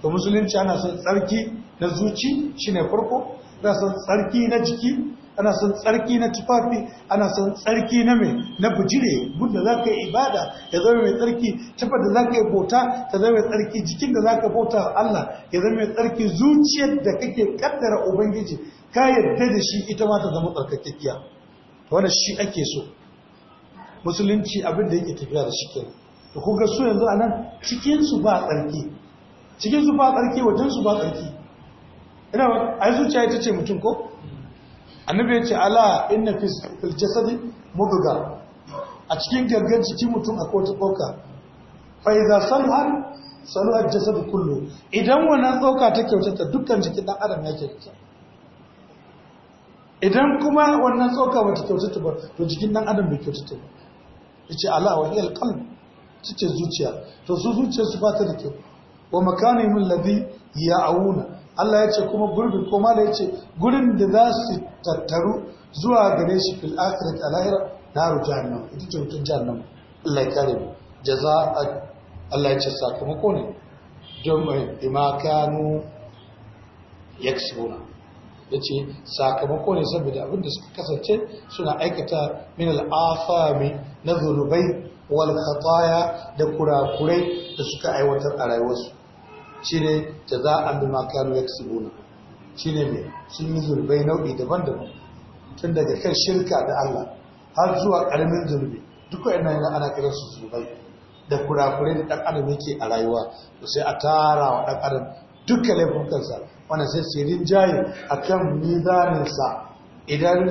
[SPEAKER 1] to musulunci ana son tsarki na zuci shine farko ana son tsarki na jiki ana son tsarki na tufafi ana son tsarki na mai na bujire gudda za ka yi ibada ya zama mai tsarki tufar da za ka yi bota ta zama mai tsarki jikin da za ka bauta Allah ya zama mai tsarki zuciyar da kake kaddara ubangiji ka yarda da shi ita ma ta zama tsarkakakkiya wanda shi ake so musulunci abin da yake tafiya da shi ke da kuka so yanzu anan cikin su ba tsarki cikin ba tsarki wajen su ba tsarki ina ba yi zuciya ita ce mutum ko annabi ya ce ala inna fi fil jasadi a cikin gargar ciki mutum akwai wata za fa har salhan a jasadu kullu idan wannan tsoka ta kyautata dukkan jikin dan adam ya kyautata idan kuma wannan tsoka wata kyautata ba to jikin dan adam bai kyautata ba ce ala wa iya alqalb cikin zuciya to su zuciya su ba ta da kyau wa mun ladi ya auna? Allah ya ce kuma gurbin ko mala ya ce gurin da za su tattaru zuwa gare shi fil akhirat a lahira jahannam ita ce wutar jahannam Allah ya kare mu Allah ya ce sakamako ne don bima kanu yaksuna yace sakamako ne saboda abin da suka kasance suna aikata min al'afami na zunubai wal khataya da kurakurai da suka aiwatar a rayuwarsu shine ya bima kanu Shi ne me sun yi zurbai nau'i daban-daban tun daga kan shirka da Allah har zuwa karamin zurbi duk ina yana ana kira su zurbai da kurakurai da ɗan adam yake a rayuwa to sai a tara wa ɗan adam laifin laifukansa wanda sai su rinjaye akan mizaninsa idan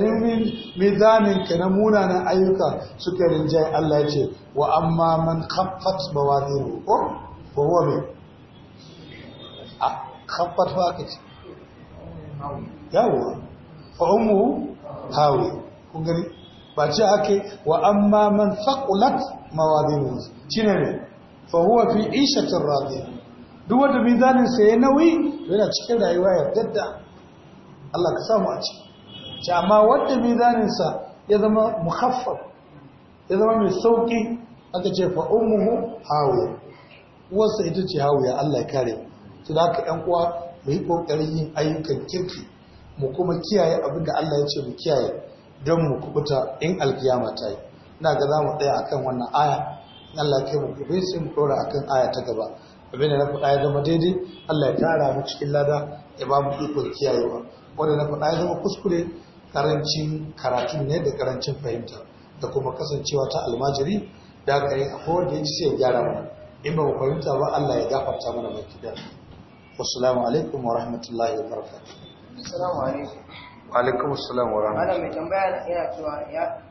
[SPEAKER 1] mizanin ka na munanan ayyuka suka rinjaye Allah ya ce wa amma man khaffat mawazinuhu ko ko huwa khaffatu aka ce yawwa fa hawi kun gani ba ce ake wa amma man faqulat mawazinuhu shine ne fa huwa fi ishatin radiyah duk wanda mizanin sa ya nauyi yana cikin rayuwa ya dadda Allah ka samu a ciki ce amma wanda mizanin sa ya zama mukhaffaf ya zama mai sauƙi? aka ce fa ummuhu hawiya uwarsa ita ce hawiya Allah ya kare su da haka yan uwa mu yi ƙoƙarin yin ayyukan kirki mu kuma kiyaye abin da Allah ya ce mu kiyaye don mu kubuta in alkiyama ta yi ina ga za mu tsaya akan wannan aya Allah ke mu gobe sai mu akan aya ta gaba abin da na faɗa ya zama daidai Allah ya tara mu cikin lada ya ba mu ikon kiyayewa wanda na faɗa ya zama kuskure karancin karatun ne da karancin fahimta da kuma kasancewa ta almajiri da aka yi a da ya ci sai gyara mana in ba mu fahimta ba Allah ya gafarta mana mai gida والسلام عليكم ورحمة الله وبركاته السلام عليكم وعليكم السلام ورحمة الله أنا
[SPEAKER 2] متنبع يا يا